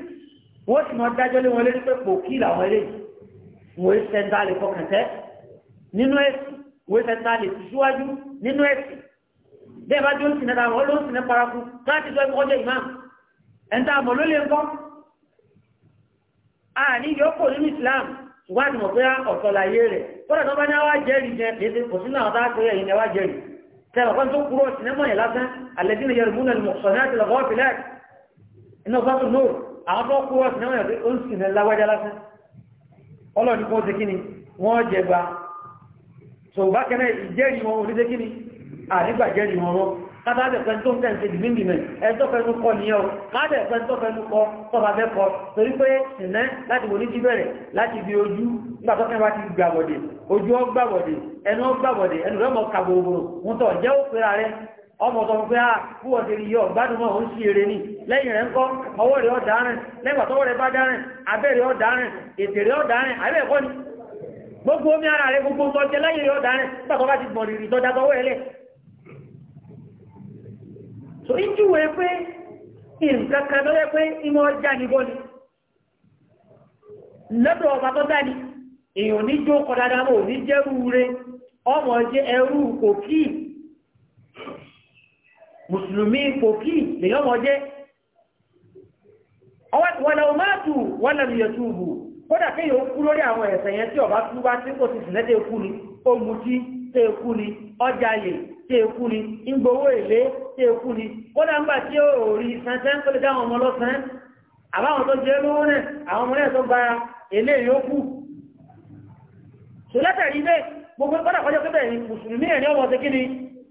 Speaker 1: wọ́n sì mọ̀ dájọ́ lé wọn lé pé pò kí làwọn eléyìí wọ́n ṣẹ́ńdálẹ̀ ìwé tẹta lè ti síwájú nínú ẹ̀sìn bẹ́ẹ̀ bá jó ń sinẹ́ dáhùn ó ló ń sinẹ́ paraku káàtì tó ẹ̀kọ́ jẹ́ ìmáàmù ẹ̀ńtà àmọ́ ló lè ń kọ́ àní yòókù nínú ìsìláàmù ṣùgbọ́n àti mọ̀ pé ọ̀tọ̀ rẹ̀ kódà tó bá ní àwa jẹ́rìí jẹ kéde kò sínú àwọn táwọn akọ̀yẹ̀ yìí ni àwa jẹ́rìí tẹ̀wọ̀ kan tó kúrò sinẹ́mọ̀ yẹn lásán àlẹ́dínà yẹrù múnà lè mọ̀ sọ̀nà àti lọ́wọ́ fìlẹ̀ iná bá tó lóòrù àwọn tó kúrò sinẹ́mọ̀ yẹn ó ń sinẹ́ láwájá lásán ọlọ́ọ̀ni kó ti kí wọ́n jẹ so bákẹ́lẹ̀ ìjẹ́rìí wọn oníṣẹ́ kí ni àrígbàjẹ́rìí wọn rọ́ kátàdẹ̀ pẹ̀ntó ń tẹ̀sí ìdìmìndìmẹ̀ ẹ̀ntọ́fẹ́nú kọ ni ọ kádẹ̀ kọ tọba mẹ́kọ torí pé ìná láti wò ní ti bẹ̀rẹ̀ láti ah, ń sí eré ní lẹ́yìn rẹ̀ ń kọ́ ọwọ́ rẹ̀ ọ̀dá rẹ̀ lẹ́gbàtọ́wọ́ rẹ̀ bá dá rẹ̀ abẹ́rẹ̀ ọ̀dá rẹ̀ ètè ọ̀dá rẹ̀ àbẹ́ ni gbogbo omi ara rẹ gbogbo ọjọ́ jẹ láyé rẹ̀ ọ̀dà bá ti gbọ̀n tọwọ́ so ìjúwe pé nǹkan lọ́yẹ́ pé ìmọ̀ ọjà níbọ̀ ni lọ́dọ̀ ọba tó dá ni èèyàn ní jó kọ dáadáa jẹ́rú ọmọ jẹ́ ẹrú kòkí mùsùlùmí wọ́n lọ kódà kí yóò kú lórí àwọn ẹ̀sẹ̀ yẹn tí ọba tú bá tí kò sì ni ó mutí kú ni ọjà tí ó kú ni ìgbowó èlé tẹ́ ni kódà tí ó rí sẹ́ńsẹ́ ń pèlè dáwọn ọmọ àbáwọn tó jẹ́ lówó náà àwọn ọmọ náà tó èlé yóò kú gbogbo kódà pé bẹ́ẹ̀ ni mùsùlùmí ẹ̀ ní ọmọ ọdẹ kíni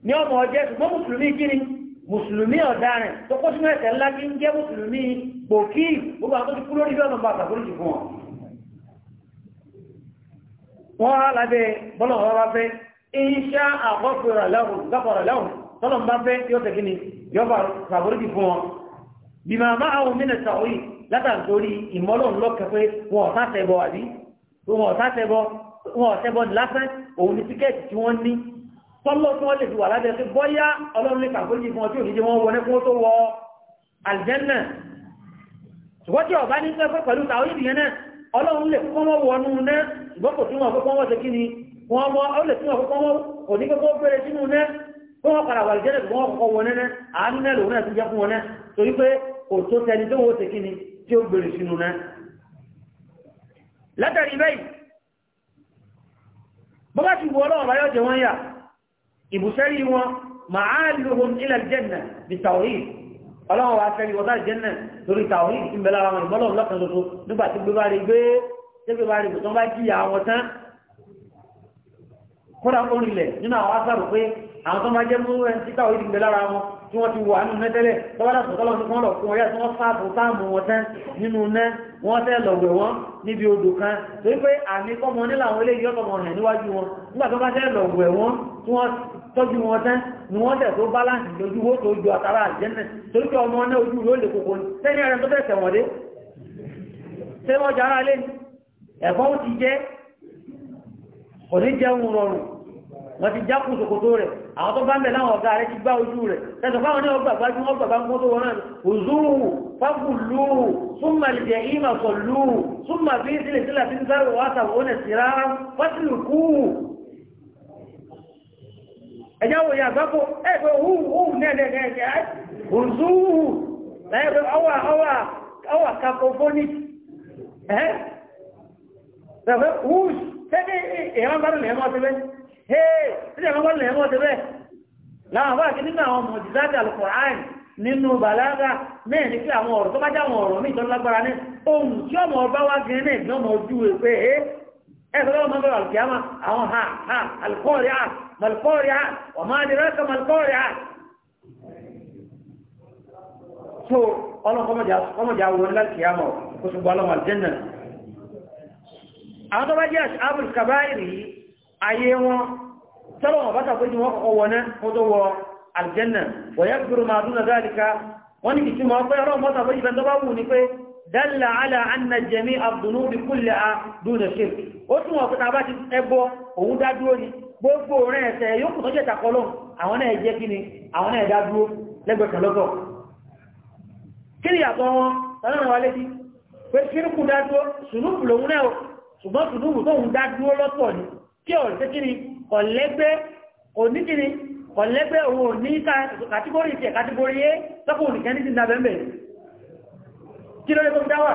Speaker 1: ní ọmọ ọjẹ́ ṣùgbọ́n mùsùlùmí tó kó sínú ńlá kí gbogbo àwọn tó ti kú lórí bí kúrò wọ́n á lábẹ́ bọ́lọ̀ wọn bá fẹ́ iṣẹ́ àkọ́kọ̀rọ̀ lẹ́hùn gbàkọ̀rọ̀ lẹ́hùn tọ́lọ̀ bá fẹ́ yóò tẹ̀ kíni yóò bá fàbóríkì fún wọn. bí màmá àwọn mínà sàwọ́ yìí látàntorí ìmọ́lọ̀ ńlọ́kẹ́ pé wọn ọ̀tá tẹ̀ bọ̀ àbí wọn ọ̀tá tẹ̀ bọ̀ wọn ọ̀tẹ́ bọ́ lásán òun ni tíkẹ́ẹ̀tì tí wọ́n ní tọ́lọ́ tí wọ́n lè fi wà lábẹ́ pé bọ́yá ọlọ́run lè kàkójì fún ọjọ́ òníjẹ́ wọn wọlé fún ó tó wọ àlìjẹ́nà ṣùgbọ́n tí ọ̀bá ní sẹ́fẹ́ pẹ̀lú tàwọn ìdìyẹn náà ọlọ́run lè kọ́ wọ́n wọnú náà ṣùgbọ́n kò túnmọ̀ pé wọ́n ṣe kí ni wọ́n mọ́ ó lè túnmọ̀ pé wọ́n kò ní kókó bẹ̀rẹ̀ sínú nẹ́ pé wọ́n padà wà lè jẹ́rẹ̀ wọ́n kọ́kọ́ wọn nẹ́nẹ́ àánú náà lòun náà ti jẹ́ fún wọn nẹ́ torí pé kò tó tẹni tó wọ́n ṣe kí ni tí ó gbèrè sínú nẹ́. látàrí bẹ́ẹ̀ bó ti wọ ọlọ́run báyọ̀ jẹ wọ́n yà ìbùsẹ́rí wọn màá lóhun ilẹ̀ jẹ́nà bí tàwí ọlọ́run wa fẹ́ ni wọ́n bá jẹ́nà lórí tàwí ìbẹ̀lára wọn ìbọ́lọ́run lọ́kàn tuntun nígbà tí gbé bá rí gbé tẹ́gbẹ́ bá rí bùtọ́ bá jìyà àwọn tán kódà orílẹ̀ nínú àwọn asàrò pé àwọn tó máa jẹ́ mú ẹni títà òyìn ìgbẹ̀ lára wọn tí wọ́n ti wà nínú nẹ́tẹ́lẹ̀ tọ́wọ́dà sọ̀tọ́lọ́ tí wọ́n lọ fún ọyá tí wọ́n sáàbù táàmù wọn tán nínú nẹ́ wọ́n tẹ́ lọ̀wẹ̀ wọn níbi odò kan tó wípé àmì kọ́mọ níláwọn ilé yọ́ tọmọ rẹ̀ níwájú wọn nígbà tó bá tẹ́ lọ̀wẹ̀ wọn tí wọ́n tọ́jú wọn tán ni wọ́n tẹ̀ tó báláǹsì lójú wó tó ju àtàrà àjẹ́nẹ̀ tó wípé ọmọ náà ojú rẹ̀ lè kòkó ní sẹ́ni ẹ̀rẹ́ tó tẹ̀ tẹ̀wọ̀n dé ṣé wọ́n jára lé ní ẹ̀fọ́ ti jẹ́ kò ní jẹun rọrùn wọ́n ti já kùsòkòtò rẹ̀ àwọn tó bá ń bẹ̀ láwọn ọ̀gá rẹ̀ ti gbá ojú rẹ̀ tẹ́sọ̀ fáwọn ní ọgbà gbájú wọn gbàgbá mú tó wọ́n òzúrù fábùlúù súnmà lìjẹ̀ ìmà sọ̀lúù súnmà bí sílẹ̀ sílẹ̀ tí ń sáré wà sàwọ́ ní síra fásìlùkú ẹjá wòye àgbákò ẹgbẹ́ òhùn Bẹ̀rẹ̀ wúùs tẹ́lẹ̀ èèyàn bá lè mọ́ tẹ́lẹ̀. Hey, tẹ́lẹ̀ èèyàn bá lè mọ́ tẹ́lẹ̀. Láwọn bá kí nínú àwọn ọmọ ìdíláàdì quran nínú bàlágà mẹ́rin ní pé àwọn ọ̀rọ̀ tó bá já àwọn ọ̀rọ̀ ní ìtọ́lágbára ní ohun tí ọmọ ọba wá gẹ̀ẹ́ náà ní ọmọ ojú pé ẹ̀sọ́lọ́ ọmọ bẹ̀rẹ̀ alkiyama àwọn ha ha alkọ́ríà malkọ́ríà ọmọ adìrẹ́kà malkọ́ríà so ọlọ́kọ́mọjà wọn lálkiyama kò ṣùgbọ́n ọlọ́mọ aljanna àwọn tó bá jẹ́ ashabul kaba'iri ayé wọn tọ́lọ̀ wọn bá tàbí wọn kọ́kọ́ wọná kó tó wọ aljanna wa yakbiru ma duna dhalika wọ́n ní ìtumọ̀ pé ọlọ́run bá tàbí ìfẹ́ tó bá wù ní pé dalla ala anna jami'a dhunubi kullaha duna shirk ó tún wọn kọta bá ti ẹbọ òun dá dúró ni gbogbo rẹ̀ ẹ̀sẹ̀ yóò kù tó jẹ́ àwọn náà jẹ́ kí ni àwọn náà dá dúró lẹ́gbẹ̀kan lọ́gọ̀ kí ni àtọ́ wọn tọ́lọ́run wa létí pé kírùkù dá dúró sùnúùpù lòun náà ṣùgbọ́n tùdúwù tó ń dá dúró lọ́pọ̀ ni kí ọ̀rẹ́ sí ni ọ̀lẹ́gbẹ́ oníkíni ọ̀lẹ́gbẹ́ òun ní kàtígórì tí ẹ̀ kàtígórì yé lọ́pọ̀ òníkẹ́ ní ti ń dábẹ́ mẹ́ kí ló lè tó ń dáwà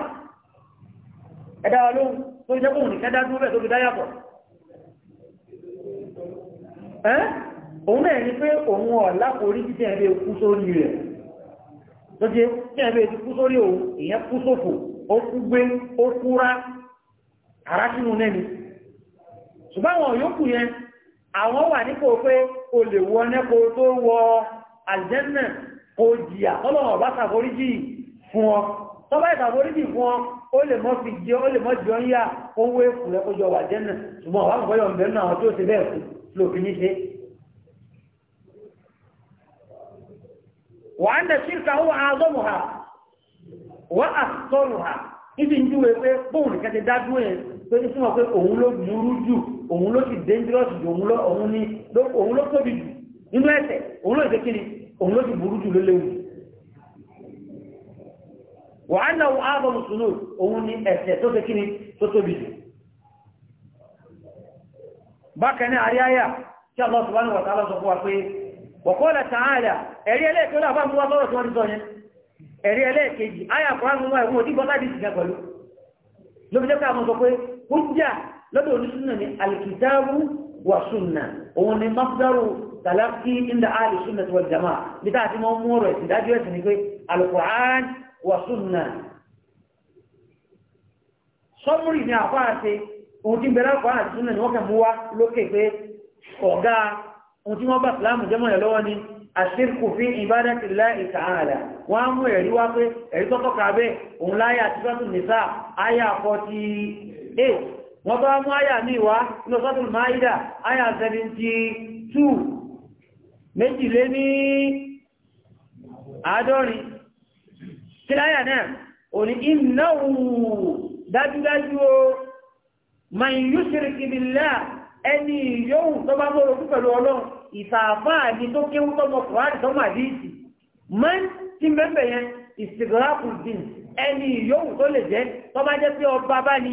Speaker 1: ẹ̀dá ọlọ́run tó ń jẹ́kùn òníkẹ́ dá dúró bẹ́ẹ̀ tó fi dáyàpọ̀ òun náà ní pé òun ọ̀lá orí títí ẹ̀bẹ̀ kú sórí rẹ̀ tó jẹ́ ara sínú nẹ́ni ṣùgbọ́n àwọn yòókù yẹn àwọn wà nípò pé o lè wọ nẹ́kọ tó wọ àlìjẹ́nà kò jìyà ọlọ́run ọba ṣàforíjì fún ọ tọ́ba ìṣàforíjì fún ọ ó lè mọ́ fi jẹ ó lè mọ́ jọ ń yá owó èkù rẹ kó jọ wà jẹ́nà ṣùgbọ́n ọba àgbọ̀yọ̀ ń bẹ̀rù àwọn tó ṣe bẹ́ẹ̀ fún lòfin ní ṣe wàhánà ṣírka ha wà á sọ́rù ha níbi ìjúwe dá dúró torí fún wọn pé òun ló burú jù òun ló sì dangerous jù òun ló òun ní òun ló tóbi jù nínú ẹsẹ̀ òun ló ìdékiri òun ló sì burú jù ló léwu wàhálà òun ààbò mùsùlùmí òun ní ẹsẹ̀ tó ṣe kíni tó tóbi jù bákan náà tí Allah subhanahu sọ bá lóbi jẹ́ hujja lọ́dọ̀ onísúnà ni alkitabu wa sunna òun ni mafdaru talaqi inda ahli sunnati wal jamaa níta àti wọn mú ọ̀rọ̀ ẹ̀sìn dájú ẹ̀sìn ni pé alquran wa sunna sọmúrì ni àbá àti ohun tí ń bẹ̀rẹ̀ alquran àti sunna ni wọ́n kẹ́ mú wá lókè pé ọ̀gá ohun tí wọ́n bá ìsìlámù jẹ́mọ̀ ẹ̀ lọ́wọ́ ni àṣírkù fi ìbádàtì láì ta'ala wọ́n á mú ẹ̀rí wá pé ẹ̀rí tọ́tọ́ kàbẹ́ òun láyà tí fẹ́ tún nìsá áyà 40 8 eh, wọ́n bá mú àyà ní ìwá ní ọ̀sọ́tún maida àyà 72 méjìlé ní àádọ́rin kí láyà náà ò ní ìnáwó dájúdájú o ma ń yú ṣirikì bílá ẹni yóò tó bá mọ́ orogún pẹ̀lú ọlọ́run ìsàfáà ní tó kéwú tọ́mọ kùránì tọ́mọ àdíìsì mọ́ tí mẹ́fẹ̀ yẹn ìsìgbọ́rákùn dín ẹni yóò tó lè jẹ́ tọ́ bá jẹ́ pé ọba bá ní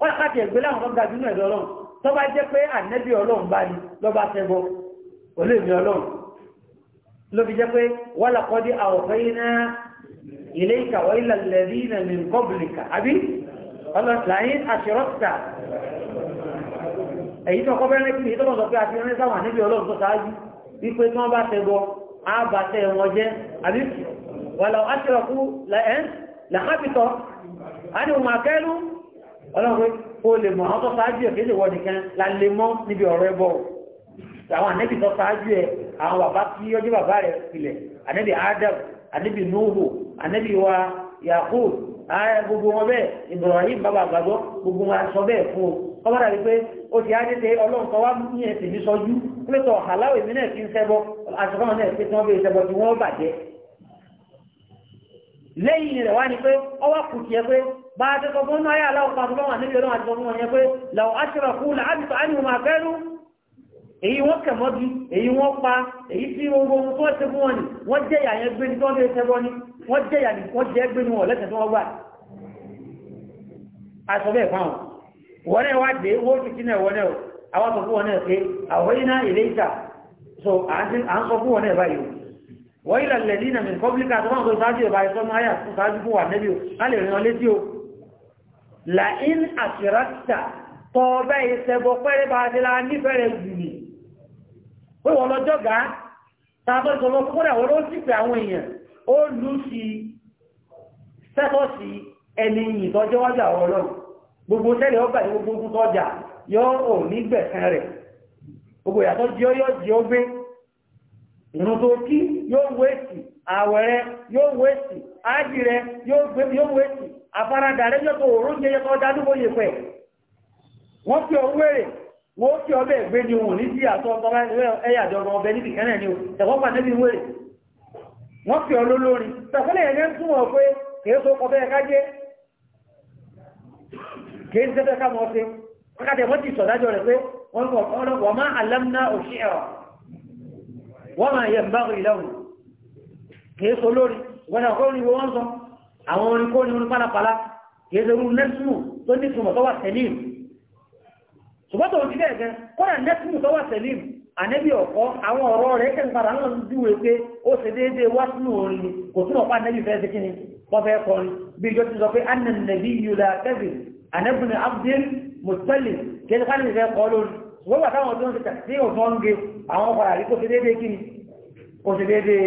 Speaker 1: wọ́n láti ẹ̀gbẹ́ láwọn tó ga jù náà lọ́rọ̀ tó bá jẹ́ pé ànẹ́bí ọlọ́run bá ní lọ́ba tẹ́bọ olóòmí ọlọ́run ló fi jẹ́ pé wọ́n lọ́kọ́ dé àwọ̀fẹ́ iná ilé ìkàwọ́ ilẹ̀ lẹ́rí ní kọ́bùlìkà àbí ọlọ́sàáyín àṣírọ́sà èyí tó kọ́ ọlọ́run ó lè mọ̀ àwọn tó sáájú ẹ̀ kéde wọ́n nìkan la lè mọ́ níbi ọ̀rọ̀ ẹbọ àwọn ànẹ́bì tó sáájú ẹ̀ àwọn bàbá tí ọjọ́ bàbá rẹ̀ pilẹ̀ ànẹ́bì Adam ànẹ́bì Nuhu ànẹ́bì wa Yakub ààrẹ gbogbo wọn bẹ́ẹ̀ Ibrahim bàbá àgbàgbọ́ gbogbo wọn sọ bẹ́ẹ̀ fún o ọmọ dàbí pé ó ti ájé tẹ ọlọ́run kan wá ní ẹsẹ̀ mi sọjú pẹ́tọ̀ àláwẹ̀ mi náà fi ń sẹ́bọ àṣọkọ́mọ náà pé tí wọ́n bẹ̀rẹ̀ tí wọ́n bàjẹ́ lẹ́yìn rẹ̀ wá ni pé ọwọ́ kùtì ẹ pé bá a ti sọ fún ayé aláwọ̀ pàtó lọ́wọ́ àti ìrọ̀lọ́wọ́ àti ọmọ yẹn pé làwọn aṣọ́ra kú láàbìtò ánìwò máa fẹ́rú èyí wọ́n kẹ̀mọ́dú èyí wọ́n pa èyí tí ogun tó ṣe fún wọn ni wọ́n jẹ́ ìyà yẹn gbé owó ti kíná ẹ̀wọ́n náà àwọn sọ fún wọn náà pé àwọn iná ilé ìta so à ń sọ fún wọn náà báyìí wọ́n ilẹ̀ lẹ́dínà mi kọ́blíkà tó wọ́n sọ sáájú ẹ̀ làín àṣìráṣà tọ́ọ̀bẹ́ ìṣẹ́bọ̀ pẹ́rẹ́ bá ti la nífẹ̀ẹ́rẹ́ jù ní pé wọ́n lọ́jọ́ gá tàbí ìṣọ̀lọ́ kúrẹ̀ wọ́n ló sì pé àwọn èèyàn ó lù sí sẹ́tọ̀ sí ẹni yìí tọ́jọ́ wájà ọ̀rọ̀ lọ gbogbo tẹ́lẹ̀ ọgbà ní gbogbo ogun tọ́jà yọ ò ní gbẹ̀sán rẹ̀ gbogbo ìyàtọ̀ jẹ́ yọ jẹ́ ó gbé ìrùn afárádà rẹ̀ yọ́tọ̀ òróúnjẹ yọ́tọ̀ dádúgbò yẹ pẹ̀ wọ́n fi ọwọ́ èrè wọ́n fi ọbẹ̀ gbé ní wọn ní sí àtọ́ ẹ̀yàjọba ọbẹ̀ níbi kẹ́rẹ̀ ni ẹ̀wọ́n pàdé bí wèrè wọ́n fi ọlọ́lórin tàfẹ́lẹ̀ ẹ̀yẹ́ ń túnmọ̀ pé kìí so kọ bẹ́ẹ̀ kájẹ́ kìí sẹ́fẹ́ ká mọ́ sí kákàtẹ̀ wọ́n ti sọ̀dájọ́ rẹ̀ àwọn orin kó ní orin pálapàla kìí ṣe irú nẹ́sùmù tó ní ìtumọ̀ tó wà sẹ́lìm ṣùgbọ́n tó ti bẹ́ẹ̀ gan kọ́nà nẹ́sùmù tó wà sẹ́lìm ànẹ́bí ọ̀kọ́ àwọn ọ̀rọ̀ rẹ̀ kẹ́ nípa àwọn ìdúwe pé ó ṣe déédéé wá sínú orin ni kò túnmọ̀ pa ànẹ́bí fẹ́ sí kíni wọ́n fẹ́ kọrin bí ìjọ ti sọ pé anànàbí yula kẹ́bì ànẹ́bùnì abdul mùsùlùmí kẹ́ni ká fẹ́ kọ́ lórí wọ́n wà táwọn tó ń ṣe tàbí òfin ọ̀nge àwọn ọkọ̀ àríkò ṣe déédéé kíni kò ṣe déédéé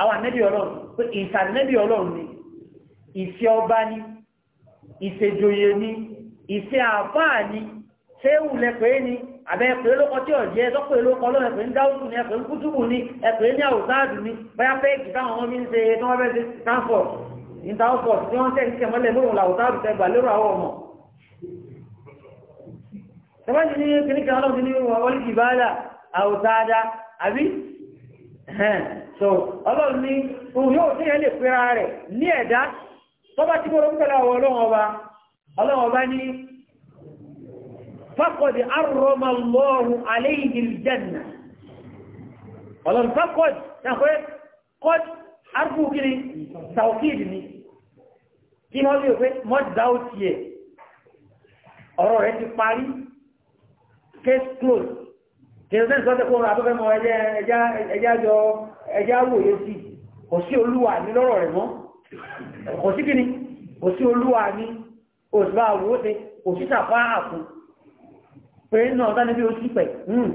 Speaker 1: àwọn ànẹ́bí ọlọ́run pé ìsànẹ́bí ọlọ́run ni ìṣẹ́ ọba ni ìṣèjòyè ni ìṣẹ́ àfáà ni ṣé wùlẹ̀ pé ni àbẹ́ ẹ̀pẹ́ lókọ tí ò jẹ́ ẹ̀sọ́pẹ́ lókọ lọ́wọ́ ẹ̀pẹ́ ń dáwùsù ni ẹ̀pẹ́ ń kútùbù ni ẹ̀pẹ́ ní àwòsáàdù ni bóyá péèkì táwọn ọmọ mi ń ṣe tí wọ́n fẹ́ ṣe stanford interfort tí wọ́n tẹ̀ ń kẹ̀mọ́lẹ̀ lóhùn làwòsáàdù tẹ gbà lérò àwọn ọmọ. ṣẹ́fẹ́ ti ní kíníkà so ọlọ́run ní ohun yóò tí yẹn lè pera rẹ̀ ní ẹ̀dá tó bá tí mo rọ́pù pẹ̀lú àwọn ọlọ́run ọba ọlọ́run ọba ní fákọ̀dì arọ́mọlọ́run aléyìn jẹ́nà ọlọ́run fákọ̀dì náà pé kọ́dì arúgbó kiri sàókìdì ni kí wọ́n lè pé mọ́dá ó tiẹ̀ ọ̀rọ̀ rẹ̀ ti parí case closed tẹ̀sán sọ́tẹ́ kó ra afẹ́fẹ́ mọ ẹja jọ ẹja wòye sí kò sí olúwa ní lọ́rọ̀ rẹ̀ mọ́ kò sí kíni kò sí olúwa ní òṣùpá àwòrán ṣe kò sí sàfá àkú pé náà dání bí o sí pẹ̀ hmm.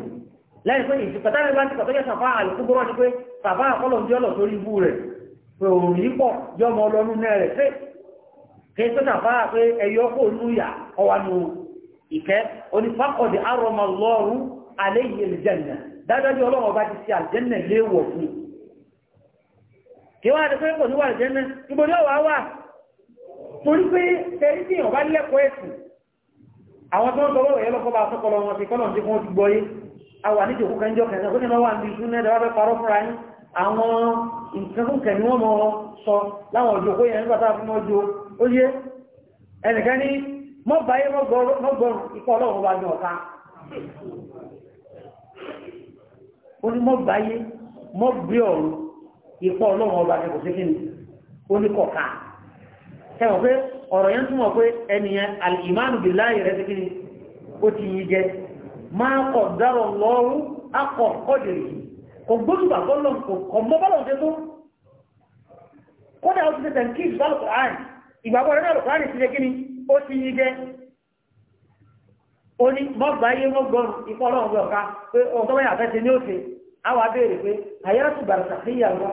Speaker 1: lẹ́yìn pé ìsìnkàtà rẹ̀ bá ti sàfá àlùkù gbọ́rọ̀ ni pé sàfá àkọlọ̀ ń jẹ́ ọ̀lọ̀ sórí ibú rẹ̀ pé òun yìí pọ̀ yọmọ ọlọ́nu náà rẹ̀ pé kí n tó sàfá pé ẹ̀yọ́ kò lùyà ọwà nù ìkẹ́ onífàkọ̀dé àrọ̀mọ̀ alayhi aljanna dájọ́jú ọlọ́run ọba ti ṣe aljanna léèwọ̀ fún kí wọ́n àti pẹ́pọ̀ níwà aljanna ibo ní ọwà wà torí pé tẹ́rí tí ọba lẹ́kọ̀ọ́ ẹ̀sìn àwọn tó ń sọ lọ́wọ́ yẹn lọ́kọ́ bá sọ́kọlọ wọn fi kọ́lọ̀ tí wọ́n ti gbọ́ yé a wà níjò kó kẹjọ kẹjọ kó nínú wà ní ìṣú náà dábàá fẹ́ parọ́ fúnra yín àwọn nǹkan ó ní mọ́ báyé mọ́ gbé ọ̀run ìpọ̀ ọlọ́run ọba ni kò sí kíni ó ní kọ̀ọ̀ká ẹwọ̀n pé ọ̀rọ̀ yẹn túnmọ̀ pé alìmánu bí láàyè sí kíni ó ti yí jẹ máa kọ̀ dárọ̀ lọ́rùn akọ̀ kọ́dìrì kò gbóṣùbà bọ́lọ̀ kò mọ́ bọ́lọ̀ ṣe tó kódà ó ti ìgbàgbọ́ rẹ̀ náà jẹ ó ní mọ́gbà ayé mọ́gbọ́n ikọ́ ọlọ́run gbọ́ pé ohun wáyà fẹ́ ti ní òfin àwọn abéèrè pé àyẹ́rọ̀tù bàrẹ̀sà sí ìyàwó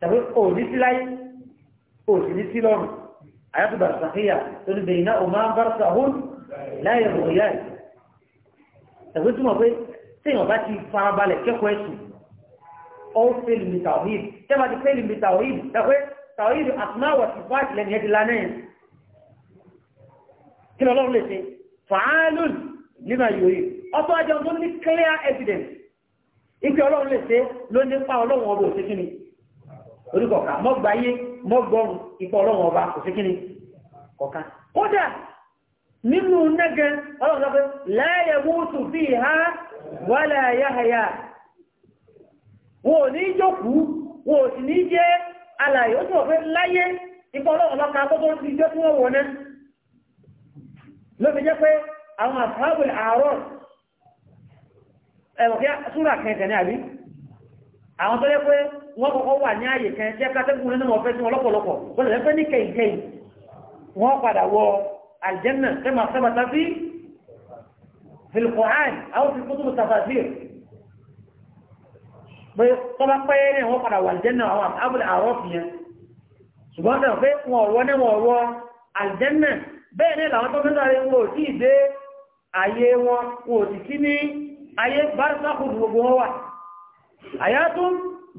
Speaker 1: tàbí òní sí láyé òsì ní sí lọ́rùn àyẹ́rọ̀tù bàrẹ̀sà sí ìyà tó ní bẹ̀yìn náà ò máa ń bára sàhún láyé tàbí túmọ̀ pé téèyàn bá ti farabalẹ̀ kẹ́kọ̀ọ́ ẹ̀sùn ó mi tẹ́ kí ni ọlọ́run lè ṣe fàálùn nígbà yòóyì ọtọ́ àjọ tó ní clear evidence ìpè ọlọ́run lè ṣe ló ọlọ́run ọba òṣè kíni orúkọ ọ̀ka mọ́gbọ́rùn ìpè ọlọ́run ọba osikini k'ọka. ọ̀ka kódà nínú nẹ́gẹ ọlọ́run ha wò ní jókòó sì ní jẹ́ alàyè ó sì wọ́n fẹ́ láyé ló fi jẹ́ pé àwọn àfáàbù àárọ̀ ẹ̀wọ̀n kí súrà kẹ̀kẹ́ ní àbí àwọn tó jẹ́ pé wọ́n kọ́kọ́ wà ní ààyè kan jẹ́ kátẹ́gùn nínú ọ̀fẹ́ sí wọn lọ́pọ̀lọpọ̀ wọ́n lè fẹ́ ní kẹ̀kẹ́ wọ́n padà wọ àlìjẹ́nà tẹ́ máa sábà tá sí filkọ̀án àwọn fi kútùbù tafasir pé tọ́lá pẹ́yẹ́ ní wọ́n padà wà àlìjẹ́nà àwọn àbúlé àárọ̀ fi yẹn ṣùgbọ́n tẹ̀ pé wọn ọ̀rọ̀ ní wọn ọ̀rọ̀ àlìjẹ́nà bẹ́ẹ̀ ní làwọn tó ń sáré wọn ò tí ì dé ayé wọn wọn ò sì sí ní ayé bárísàkù gbogbo wọn wà àyàtú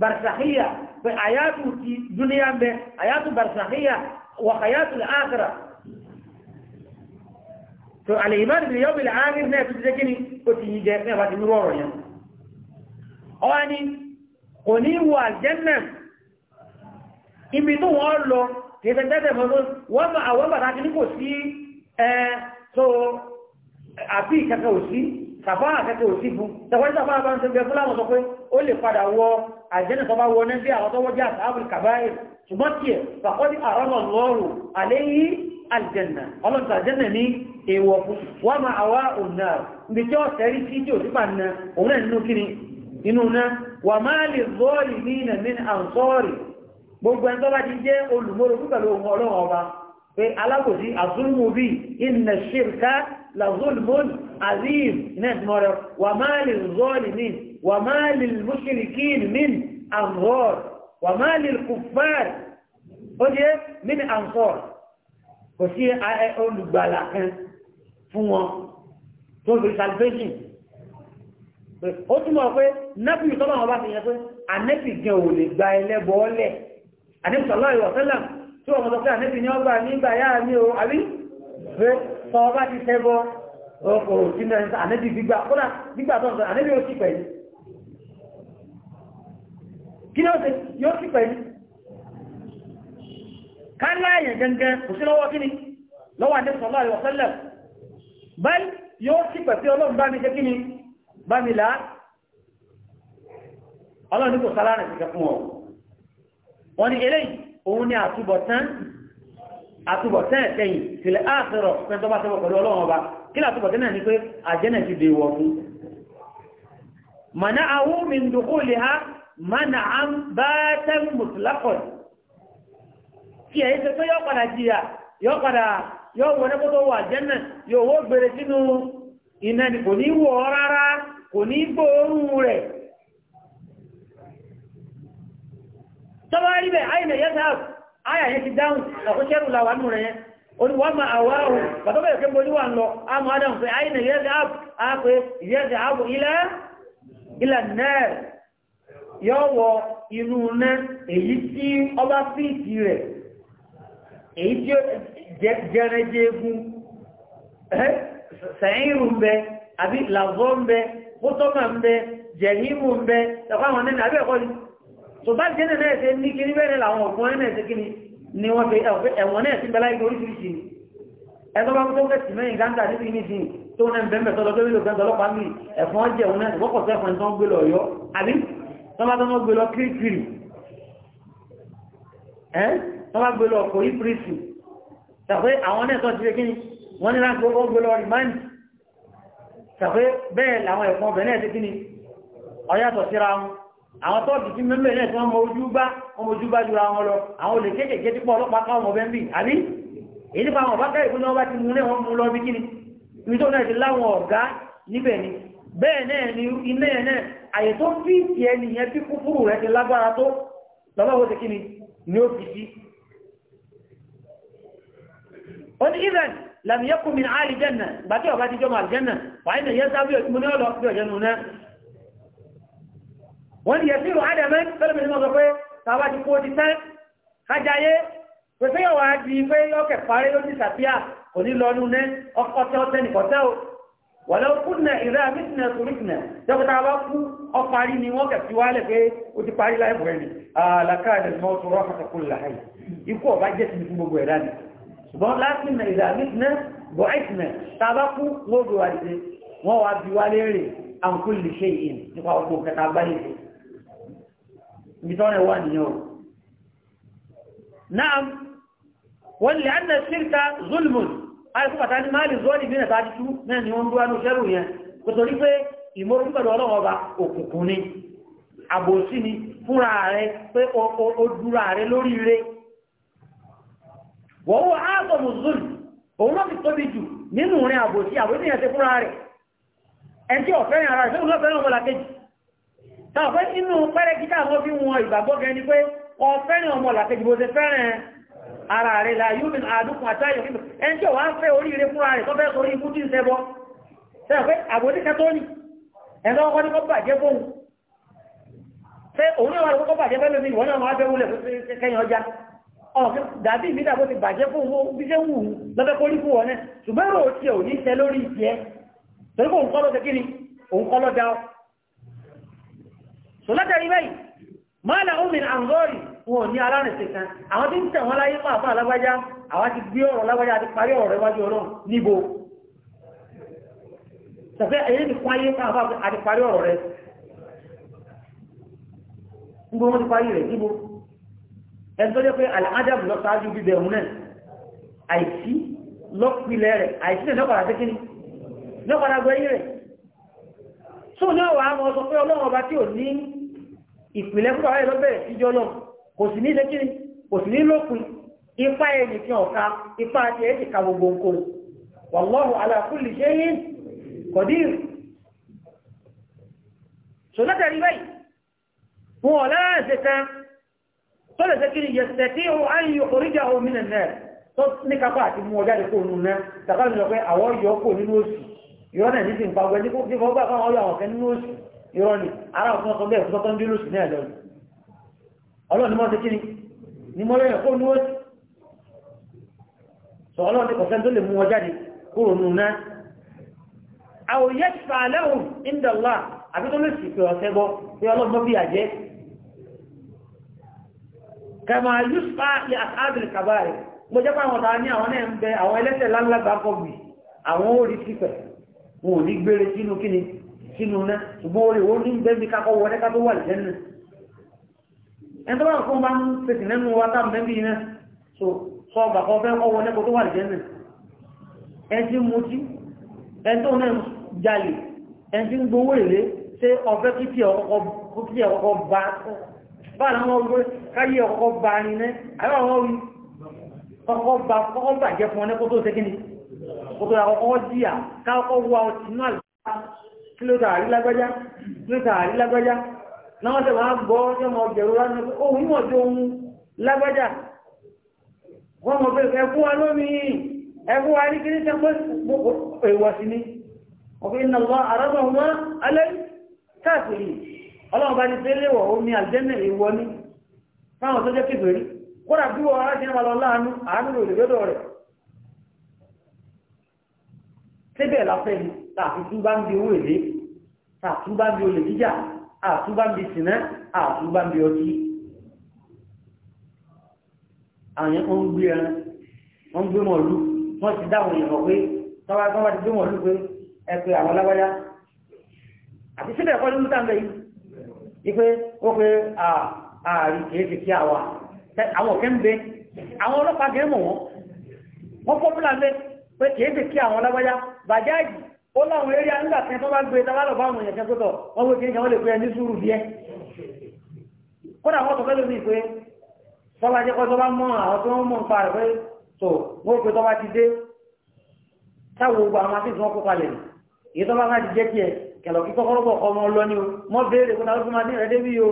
Speaker 1: bàrísàkìyà pé àyàtú ti dúníyà ń bẹ àyàtú bàrísàkìyà wà àyàtú àkàrà tó àlè ìmáàdì ni ibi tó wọ́n lọ kìí tẹ́tẹ́ mọ́ wọ́n mọ́ àwọn bàtà kí ní kò sí ẹ tó àbí ìkẹ́kẹ́ ò sí sàfá àkẹ́kẹ́ ò sí fún tẹ̀wọ́n sàfá àbá ń tẹ́ bẹ fúlàmù sọ pé ó lè padà wọ àjẹ́nà tó bá wọ ní bí àwọn tó wọ́n jẹ́ àtàbùn kàbáyé ṣùgbọ́n tiẹ̀ fàkọ́dí àrọ́lọ̀ lọ́rù àléyí àjẹ́nà gbogbo ẹni tó bá ti jẹ́ olùmọ̀ròkú pẹ̀lú ohun ọlọ́run ọba pé alábòsí àzúlùmù bí iná ṣírká làzúlùmùn azim nẹ́tìmọ́rẹ̀ wà máa lè zọ́ọ̀lì ní wà máa lè mùsùlùkín min anzor wà máa lè kùfàr ó jẹ́ min anzor kò sí olùgbàlà kan fún wọn tó fi salvation ó túnmọ̀ pé nẹ́bì tọ́lọ́wọ́ bá ti yẹ pé anẹ́bì gan ò lè gba ẹlẹ́bọ̀ọ́lẹ̀ àníbùsọ̀lọ́ ìwọ̀sọ́lá tí wọ́n mọ̀ lọ́pẹ́ àníbì ní ọgbà nígbà yáà ní o àbí pé sọ bá ti tẹ́bọ ọkọ̀ òsínà àníbì gbígbà kódà gbígbà tó ń sọ àníbì ó sì pẹ̀lú kí ló ṣe yóò sì pẹ̀lú ká láàyè gẹ́gẹ́ kò sí lọ́wọ́ kíni lọ́wọ́ àníbùsọ̀lọ́ ìwọ̀sọ́lá bẹ́ẹ̀ yóò sì pẹ̀ sí ọlọ́run bá mi jẹ́ kíni bá mi là ọlọ́run ní kò sálára ìṣẹ̀kẹ́ fún ọ wọ́n ni eléyìí òun ni àtúbọ̀tán ẹ̀tẹ́yìn tìlẹ̀ ààfẹ́rọ̀ pẹ́ntọ́ bá pẹ̀lú ọlọ́run ọba kí látúbọ̀tán náà ni pé àjẹ́nà ti dèwọ̀ fún mana awu min dùkúlì ha mana an bá tẹ́m mùsùlákọ̀ tọ́bá rí bẹ̀ àìnà yẹ́ta àyà yẹ́ ti dáhùn àkóṣẹ́rù làwà nù rẹ̀ olùwà ma àwà ohun pàtàkì ẹ̀kẹ́ bolíwà ń lọ a mọ́ adam fẹ́ àìnà yẹ́ta àpẹ yẹ́ta àbò ilẹ̀ ilẹ̀ náà yọ́wọ inú náà èyí tí ọba fíìtì rẹ̀ èyí tí jẹrẹjẹgun sẹ́yìnrù ń bẹ àbí làvọ́ ń bẹ fótọ́mà ń bẹ ń bẹ àwọn àbí ẹ̀kọ́ so bá jẹ́ náà ṣe ní kiri bẹ́ẹ̀ làwọn ọ̀gbọ́n náà ṣe kí ni wọ́n ṣe ẹ̀wọ̀n náà sí bẹ́lá ìgbò oríṣiríṣi ni ẹgbẹ́ bá tó fẹ́sì mẹ́rin gáńgà níbi ní sí tó náà bẹ́ẹ̀ tọ́lọ tó nílò gẹ́gẹ́ ọlọ́pàá mi ẹ̀fọ́n jẹ́ òun náà wọ́pọ̀ sẹ́fọn tó ń gbé lọ ọ̀yọ́ àbí tó bá tó ń gbé lọ kirikiri ẹ́ tó bá gbé lọ ọkọ̀ ìpírísì tàbí àwọn náà tó ti ṣe kí ni wọ́n ní láti ó gbé lọ rìmáìnì tàbí bẹ́ẹ̀ làwọn ẹ̀fọn ọbẹ̀ náà ṣe kí ni ọ̀yàtọ̀ síra wọn àwọn tọ́ọ̀dù tí mẹ́mẹ́ náà tí wọ́n mọ ojú bá wọ́n mọ ojú bá jura wọn lọ àwọn olè kéékèèké tí pọ̀ ọlọ́pàá káwọn ọmọ bẹ́ẹ̀ bì àbí èyí nípa àwọn ọ̀bákẹ́ ìpínlẹ̀ wọn bá ti mú náà wọ́n mú lọ bí kíni ibi tó náà ti láwọn ọ̀gá níbẹ̀ ni bẹ́ẹ̀ náà ni iná ẹ̀ náà àyè tó fi ti ẹni yẹn bí kúkúrú rẹ ti lágbára tó lọ́wọ́ ti kíni ni ó fi sí. ó ní even làmìyẹ́kùnmi àlìjẹ́nà wọ́n ni yẹ̀sí ìrò adẹ̀mẹ́ tẹ́lẹ̀mẹ́ náà sọ pé tàbá ti kó ti tán kájáyé pé pé yọ̀wá di pé ọkẹ̀ parí ó ti sàbíà kò ní lọ́nu ní ọkọ̀ tẹ́ ọtẹ́ nìkọ̀tẹ́ o wà lọ kú nà ìrẹ́ àmìtìnà tòrìtìnà tẹ́kọ̀tà bá kú ọparí ni wọ́n kẹ̀ fi wálẹ̀ pé ó ti parí láì bọ̀rẹ̀ ni àlàkà ẹ̀dẹ̀ ìtọ́rẹ̀ وان nìyàn نعم wọ́n lè ánà ṣírka zulmun alikúpàtà ní máàlì zọ́ọ̀lì bí nàta títú náà ni wọ́n dúwà ní ṣẹ́rù yẹn kò torí pé ìmọ̀rún pẹ̀lú ọlọ́wọ́ ọba òkùnkùn ni àbòsí ni fúnra rẹ̀ pé ó dúra rẹ̀ lórí rẹ̀ wọ́n wọ́n á sọ̀mù zulm òun náà ti tóbi jù nínú rẹ̀ àbòsí àbòsí fúnra rẹ̀ ẹni tí ọ̀fẹ́rin ara rẹ̀ fẹ́ tàbí inú pẹ́rẹ́ kíkà wọ́n fi wọn ìgbàgbọ́ gẹ́ ni pé ọ fẹ́ràn ọmọ làkejì bó ṣe fẹ́ràn ara rẹ̀ la yóò min àdúkùn àtàyọ̀ nínú ẹni tí ó wá ń fẹ́ oríire fúnra rẹ̀ tó fẹ́ sórí ikú tí ń sẹ́bọ́ sẹ́yìn pé àbòdíkẹ́ tó ní ẹ̀dọ́ ọkọ́ ní kọ́ bàjẹ́ fóun pé òun náà wà lókọ́ bàjẹ́ fẹ́ lómi ìwọ́n náà máa fẹ́ wúlẹ̀ kẹ́yìn ọjà ọ̀kẹ́ dàbí ìmídà bó ti bàjẹ́ fóun bí ṣe wù lọ́fẹ́ kórí fún wọn náà ṣùgbọ́n rò tiẹ̀ ò ní ṣe lórí ìjẹ́ torí kò ń kọ́ so látàrí báyìí mọ́lá omin angori wọn ò ní alárìn sí kan àwọn tí ń tẹ̀ wọ́n láyé máa alágbájá àwọn ti gbé ọ̀rọ̀ lágbájá àti parí ọ̀rọ̀ iwájú ọlọ́run níbo sọ̀fẹ́ èyí ti kwáyé ọrụ àti parí ọ̀rọ̀ ti parí níbo ẹni tó jẹ́ pé lọ sáájú bíbẹ̀ náà àìsí lọ́pìlẹ̀ rẹ̀ àìsí tó náà wà á mọ sọ pé ọlọ́run ọba tí ò ní ìpìlẹ̀ fún àwọn ẹlọ́bẹ̀ ìjọ náà kò sì ní lẹ́kìrì kò sì ní lópin ipá ẹni fi hàn ká ipá ti ẹ̀ ti ka gbogbo nǹkan wallahu ala kulli shay'in qadir sọ báyìí wọn ò lára ẹ̀sẹ̀ kan tó lè sẹ́kìrì ìrọ́ náà ní ti ń pa ọgbẹ́ ní fọ́ gbà fáwọn ọlọ́ àwọn kẹ́ nínú oṣù ìrọ́ ni ara ọ̀kan ọkọ̀ bẹ́ẹ̀ fọ́tọ́ ń dé lóṣù ní ẹ̀dọ́ ni ọlọ́run ni wọ́n ti kí ni ni mo lẹ́yìn fóònù oṣù sọ ọlọ́run ti kọ̀sẹ́ tó lè mú wọn jáde kúrò nù náà àwòyẹ fàlẹ́hùn ìndọ̀lá àbí tó lè sì pé ọ̀sẹ̀ bọ́ pé ọlọ́run bí àjẹ́ kẹmà yusfa ní àkáàbìlì kàbáyé mo jẹ́ pé àwọn ọ̀tá ní àwọn ẹlẹ́sẹ̀ láńlá gbà kọ́ àwọn ó sí pẹ̀lú wọn ò ní gbére sínú kíni sínú náà ṣùgbọ́n orí wọn ní bẹ́ẹ̀ bí kakọ́ wọlé ká tó wà lẹ́sẹ̀ náà ẹni tó bá kọ́ bá ń fèsì lẹ́nu wa tá bẹ́ẹ̀ bí náà so sọ ọgbà kan fẹ́ kọ́ wọlé kó tó wà lẹ́sẹ̀ náà ẹni tí mo ti ẹni tó náà jalè ẹni tí ń gbowó èlé ṣé ọ̀fẹ́ kí tí ọkọ̀ bá bára wọn káyé ọkọ̀ bá ní náà àbẹ́ àwọn wí ọkọ̀ bá jẹ́ fún ọ kótó àkọ́kọ́ díà káàkọ́ wà ọtí náà kí ló tààrí lágbájá kí ló tààrí lágbájá náà wọ́n tẹ̀wọ́n gbọ́ tí ọmọ ọjọ́rú rá ní ohun mọ̀ tó ń lágbájá wọ́n mọ̀ pé ẹkún wa lómi ẹkún wa ní kí ní sẹ́kọ́ èèwọ̀ ni síbẹ̀ láfẹ́ ni tààtún bá ń bi owó èlé tààtún bá ń bi olè jíjà àtún bá ń bi sìnà àtún bá ń bi ọtí àwọn kan ń gbé ẹran wọ́n ń gbé mọ̀lú wọ́n ti dáwọn èèyàn pé tọ́wá tọ́wá ti gbé mọ̀lú pé ẹ pé àwọn alágbájá àti síbẹ̀ kọ́ ló ń tàn bẹ́yìí ipe ó pé ààrí kìí kí àwa àwọn òkè ń bẹ àwọn ọlọ́pàá gẹ́mọ̀ wọn wọ́n pọ́pùlà pé kìí kí àwọn alágbájá bàjáàjì ó láwọn eré àńgbà kan tó bá gbé e, tábàlọ̀ bá àwọn èèyàn kan tó tọ̀ wọ́n wé kí wọ́n lè pé ẹni sùúrù díẹ̀ kódà wọ́n tọ́ fẹ́lẹ́ mi pé tọ́ba jẹ́ kọ́ tọ́ba mọ́ àwọn tó ń mọ̀ ń pa rẹ̀ pé tó wọ́n pé tọ́ba ti dé táwọn gbogbo àwọn akéwì wọn kó kalẹ̀ nù èyí tọ́ba máa ti jẹ́ tiẹ̀ kẹlọ̀ kí kọ́kọ́rọ́ bọ̀ ọmọ o mọ́ béèrè kó náà fún ma dín rẹ̀ débi o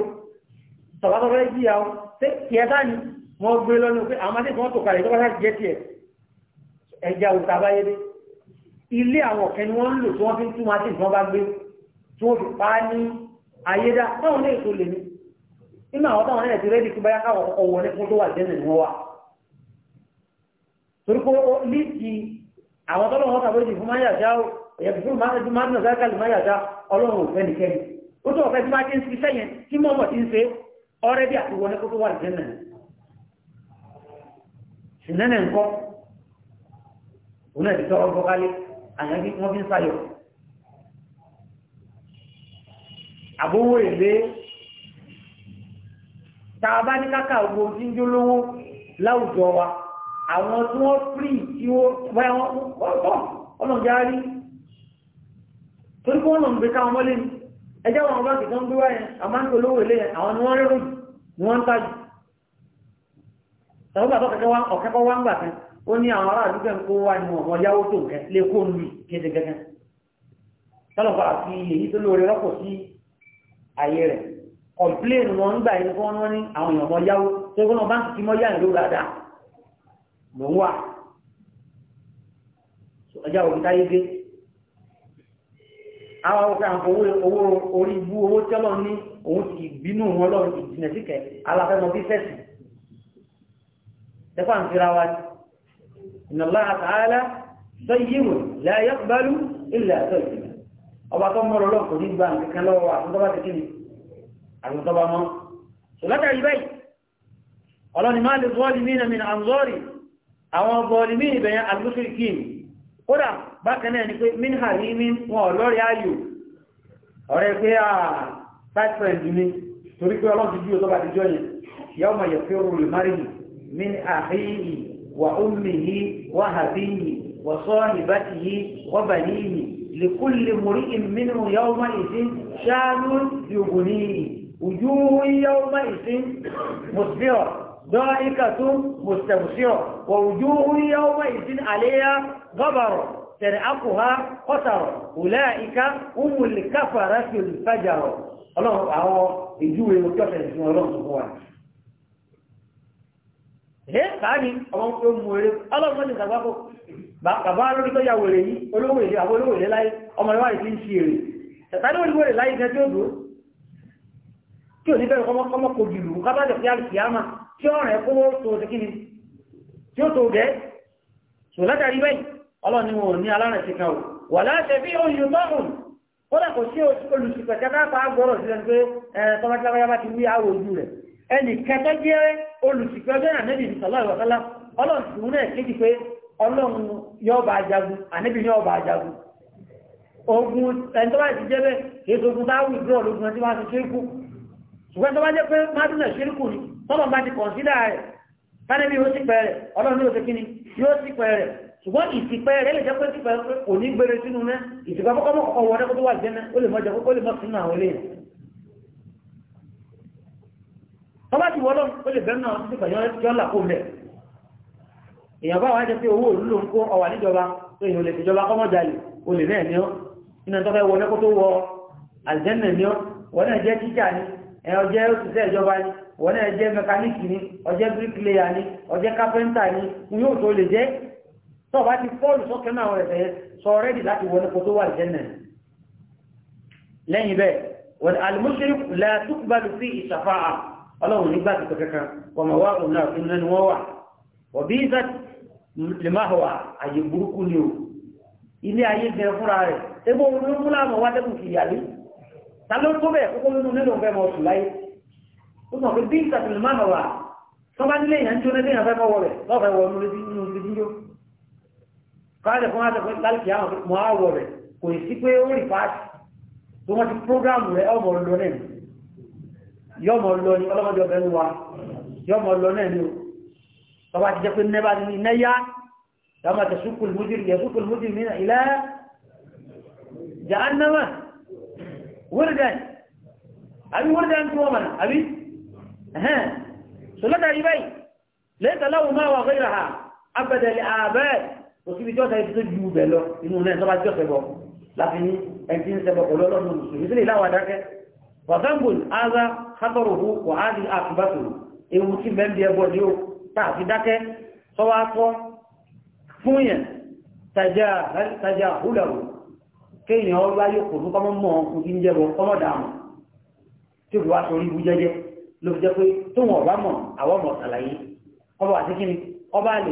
Speaker 1: tọ́ba tó fẹ́ jìyà o ṣé tiẹ̀ sáni wọ́n gbé lọ́ni o pé àwọn akéwì wọn tó kalẹ̀ tọ́ba máa ti jẹ́ tiẹ̀ ẹja ilé àwọn ọ̀kẹ́ ni wọ́n ń lò tí wọ́n fi ń túmọ̀ àti ìfọ́n bá gbé tí wọ́n fi pa á ní ayédá táwọn lè tó lè ní nínú àwọn táwọn náà ti rẹ́dí kí báyá káwọn ọkọ̀ wọlé fún tó wà jẹ́ nìyẹn wà torí pé ní ti àwọn tọ́lọ́ wọn tàbí ìdí fún máa yàjá ẹ̀yà fún máa nà sákàlì máa yàjá ọlọ́run òfẹ́ nìkẹ́ni ó tó ọ̀fẹ́ tí máa ti ń ṣiṣẹ́ yẹn tí mọ́mọ́ ti ń ṣe ọ̀rẹ́dí àti wọlé fún tó wà jẹ́ nìyẹn sì nẹ́nẹ̀ nǹkan òun náà ti tọ́ ọ àyàn kí wọ́n fi ń sáyọ̀ àbówó èlé tá a bá ní káká ògbó tí ń jólówó láwùjọ wa àwọn tí wọ́n fírì tí wọ́n ọlọ́njá rí torí kí wọ́n lọ ń gbé káwọn mọ́lé ni ẹjẹ́ wọn bá kìtàn gbé wáyẹn àmáńtò olówó èlé yẹn àwọn ni wọ́n rẹ́rùn ni wọ́n ń tajù tàbí bàbá kẹ́kẹ́ wá ọ̀kẹ́kọ́ wá ń gbà kan ó ní àwọn ará àdúgbò ń kó wá ní ọmọ yáwó tó nǹkan lè kó lù kéde gẹ́gẹ́ tọ́lọ̀pọ̀ àti èyí tó lóore rọ́pò sí ayé rẹ̀ kọ̀m̀pléènì wọn gbà yín kí wọ́n ní àwọn èèyàn ọmọ yáwó tó gbọ́n báńkì kí mọ́ yá ìlú dáadáa ló ń wà ọjà òbí táyé gé àwọn ọkọ̀ owó orí ibú owó ti bínú wọn lọ́rùn ìjìnlẹ̀ síkẹ̀ bí إن الله تعالى طيب لا يقبل إلا طيبا ọba tó mọ́rọ̀ lọ́pọ̀ nígbà nǹkan lọ́wọ́ àtúntọ́bá ti kí ni àtúntọ́bá mọ́ so látàrí báyìí ọlọ́ni máa lè zọ́ọ̀lì mí nàmì àmzọ́rì àwọn ọgbọ̀ọ̀lì mí ìbẹ̀yàn alùsùrì kí ni kódà bákan náà ni pé min hàrí mi wọn ọ̀lọ́rí ayò ọ̀rẹ́ pé à tight friend mi torí pé ọlọ́sùn bí o tó bá ti jọ yẹn yọ́ mọ̀ yẹ̀ fẹ́ rúrù márìnì min àhíyì وأمه وهبيه وصاحبته وبنيه لكل امرئ منه يومئذ شان يغنيه وجوه يومئذ مصبرة ضائكة مستبصرة ووجوه يومئذ عليها غبر ترعقها قطر أولئك هم الكفرة الفجر الله أعوى يجوه مكفر اسمه الله سبحانه ẹ̀ sáàni ọmọ tó mú eré ọlọ́pàá ti sàgbákò bàbá lórí tó yàwó rẹ̀ yìí olówó èlé àwọn olówó èlé láyé ọmọ rẹ̀ wà ní ṣe èrè tàbí olówó èlé láyé gẹ́gẹ́ òdò tí ò ní bẹ̀rẹ̀ kọ́mọ́ kò jùlù kábàjọ pé àlùkìyàmà tí ó rẹ̀ kówó tó ti kíni tí ó tó gẹ́ sò látàrí bẹ́ẹ̀ ọlọ́ni wọn ò ní alárẹ̀ ti kan wà láṣẹ bí oyún tọ́hùn kódà kò sí olùsìpẹ̀kẹ́ká pa gbọ́rọ̀ sílẹ̀ pé ẹ̀ tọ́mọ́tìlábáyá bá ti wí àwòjú rẹ̀ ẹnì kẹtọ́ jẹ́ olùsìnkú ọjọ́ náà níbi ìsọ̀lá ìwọ̀sọ́lá ọlọ́run sì múlẹ̀ kéjì pé ọlọ́run yóò bá jagun àníbi yóò bá jagun ogun ẹni tó bá ti jẹ́ bẹ́ẹ̀ kì í sogun táwọn ìdúró lógun ẹni tí wọ́n ti ṣe é kú ṣùgbọ́n tó bá jẹ́ pé mádùnà ṣe é kù ni tọ́lọ̀ bá ti kọ̀ǹsídà rẹ̀ kánẹ́bí yóò sì pẹ̀rẹ̀ ọlọ́run yóò ṣe kíni yóò sì pẹ̀rẹ̀ ṣùgbọ́n ìsìpẹ́ rẹ̀ lè jẹ́ pé ìsìpẹ́ kò ní sínú náà ìsìpẹ́ kọ́kọ́ mọ́kọ́kọ́ wọlé kó tó wà jẹ́ náà ó lè mọ́ sínú àwọn eléyìí tọ́bá ti wọ́lọ́ ó lè bẹ́ẹ̀ náà ti gbà yọ́ là kó mẹ́ èèyàn bá wá jẹ́ pé owó òlú ló ń kó ọwà níjọba tó èèyàn lè fìjọba kọ́mọ́ jalè o lè náà ní ọ́ iná tọ́fẹ́ wọ mẹ́kó tó wọ àlìjẹ́nà ní ọ́ wọ́n náà jẹ́ tíjà ni ẹ̀yàn jẹ́ òṣìṣẹ́ ìjọba ni wọ́n náà jẹ́ mẹkáníìkì ni ọjẹ́ bíríkìlẹ́yà ni ọjẹ́ kápẹ́ńtà ni n yóò tó lè jẹ́ tọ́ba ti fọ́ọ̀lù sọ́kẹ́ náà rẹ̀ fẹ́yẹ sọ rẹ́dì láti wọ mẹ́kó tó wà àlìjẹ́nà lẹ́yìn bẹ́ẹ̀ wọ́n almushrik la tuqbalu fi ìṣàfáà ọlọ́run nígbà tó kankan ọmọ wa òun náà fún nínú wọn wà ọ̀bí ìzá lè máa wà àyè burúkú ni o ilé ayé gẹ fúnra rẹ̀ egbò òun ló múlá àmọ́ wá dẹ́kun kìyà lé ta ló tó bẹ̀ kókó nínú nínú fẹ́ mọ sùn láyé ó mọ̀ pé bí ìzá lè máa wà tó bá nílé ti prógráàmù rẹ̀ ọmọ lónìí yọmọ lọ ní ọlọ́mọdé ọbẹ̀ ń wa yọmọ lọ náà ni o tọba ti jẹ́ pé nẹ́bà ní nẹ́yà yọmọ tẹ sukùl múdìrì yẹ sukùl múdìrì ní ilẹ̀ jahannama wúrìdẹ̀ àbí wúrìdẹ̀ ń tún ọmọ àbí ẹ̀hẹ́n sọlọ́dà yìí báyìí lẹ́tà láwọn máa wà gbéra ha abẹ́dẹ̀ lè ààbẹ́ òsibí jọ́ta ibi tó ju bẹ̀ lọ inú náà tọba jọ́sẹ̀ bọ̀ láti ní ẹni tí ń sẹ́bọ̀ pẹ̀lú ọlọ́run mùsùlùmí sílẹ̀ láwọn adákẹ́ wàgbẹ́gbùn ara hátọ̀rọ̀hù wà á di àtúbàtòrò ewu tí mẹ́bí ẹbọ ni ó tààfi dákẹ́ sọ́wọ́ akọ́ fún yẹn tajà húlàrù kéèyàn ọlá yóò kò fún kọ́mọ́ mọ́ ọkùn kí ń jẹ́bọ kọ́mọ́ dàmù tí ó wá sórí ibú jẹ́jẹ́ ló fi jẹ́ pé tó wọn ọba mọ̀ àwọn ọmọ àlàyé ọba àti kíni ọba lè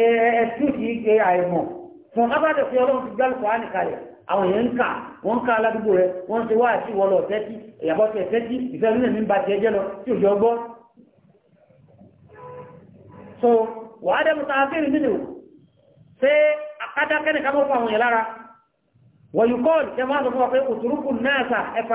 Speaker 1: ẹ̀ẹ́dù ti ṣe àìmọ̀ fún abájọ pé ọlọ́run ti gbálùkọ́ á nìkalẹ̀ àwọn èèyàn ń kà wọ́n ń ká aládùúgbò rẹ̀ wọ́n ń ṣe wá àti mi ń ba lọ tí so dẹ́mu ṣé ká mọ́ fún àwọn yẹn lára wọ́n ṣe máa sọ fún wa pé òtúrúkù náà sà ẹ̀fà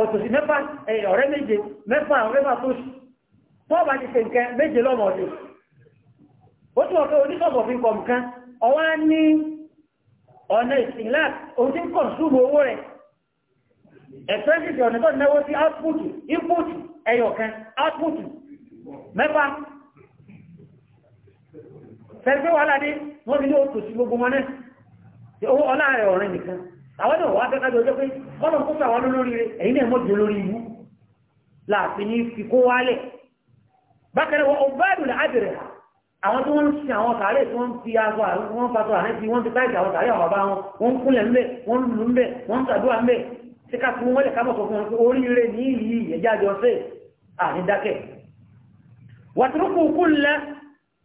Speaker 1: òtòsí mẹ́fà ọ̀rẹ́ méje mẹ́fà ọ̀rẹ́ bá tó bá ti ṣe nǹkan méje lọ́mọ ọdún ó tún ọ̀pẹ́ oníṣọ́bọ̀ fi kọ̀ nǹkan ọwá ní ọ̀nà ìsìnlá òun tí ń kọ̀ súnmù owó rẹ̀ ẹ̀fẹ́sìtì ọ̀nà tó náwó sí àwọn náà wá fẹ́ kájọ ọjọ́ pé kọ́nà kó sọ àwọn olórí rẹ̀ ẹ̀yin náà mọ́jọ lórí ìlú láàfin ní fi kó wálẹ̀ bákan wọn ọba ìdùnnà àbẹ̀rẹ̀ àwọn tí wọ́n ń sin àwọn sàárè tí wọ́n fi aṣọ àwọn fatọ àrẹ tí wọ́n fi táìsì àwọn àwọn bàbá wọn kúnlẹ̀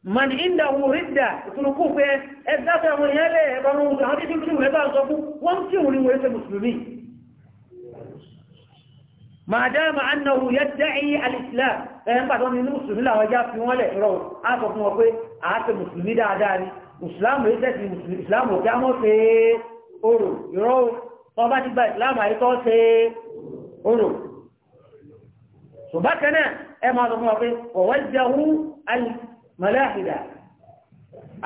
Speaker 1: man inda wo ridda ìtùnú kú pé ẹgbẹ́ àwọn èèyàn lè ẹ̀bá wọn wùdà wọn títí wùdà bá sọ fún wọn tí òun ni wọ́n ṣe mùsùlùmí ma dáma annahu yadda'i al-islam ẹ̀yìn pàtó ni mùsùlùmí làwọn já fi wọ́n lẹ̀ rọ̀ á sọ fún wọn pé a ṣe mùsùlùmí dáadáa ni ìsìláàmù yìí tẹ̀sí mùsùlùmí ìsìláàmù òkè àmọ́ ṣe orò ìrọ̀ wọn bá ti gba ìsìláàmù àyíkọ́ ṣe orò ṣùgbọ́n kẹ́nẹ̀ ẹ máa sọ fún wọn pé ọ̀wọ́ jẹ́ mọ̀láhìdà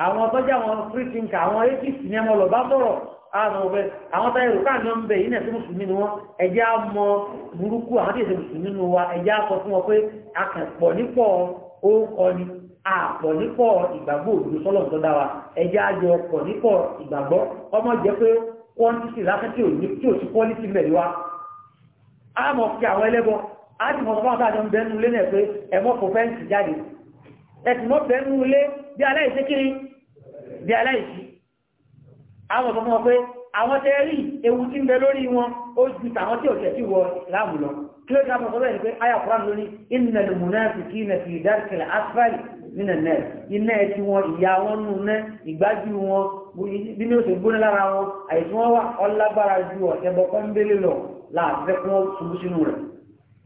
Speaker 1: àwọn tọ́jà wọn free thinker àwọn atheist ní ẹmọ lọ́ba sọ̀rọ̀ àwọn ọ̀fẹ́ àwọn táyà rò káàdùn ń bẹ̀ yìí náà sí mùsùlùmí ni wọ́n ẹjẹ́ á mọ burúkú àwọn tí èsè mùsùlùmí a kàn pọ̀ nípọ̀ a pọ̀ nípọ̀ ìgbàgbọ́ òdodo sọ́lọ̀ tó dá wa ẹjẹ́ á jọ pọ̀ nípọ̀ ìgbàgbọ́ ọmọ jẹ́ pé quantity lásán tí ò ní tí ò sí quality mẹ́rin wa á mọ̀ fi àwọn ẹlẹ́bọ á ti mọ̀ fún àwọn táyà jọ ń lé náà pé ẹ̀mọ́ kò jáde ẹ̀tùmọ́ bẹ̀rù ilé bí aláìsí kiri bí aláìsí àwọn ọ̀pọ̀ mọ́ pé àwọn tẹ́rí ewu tí ń bẹ lórí wọn ó ju tàwọn tí òṣẹ̀ tí wọ láàmù lọ kí ló dábọ̀ sọ́bẹ̀ ni pé aya Qur'an lórí inna al-munafiqina fi darkil asfali minan nar iná ẹ ti wọn ìyá wọn nù ná ìgbájú wọn bí ní oṣù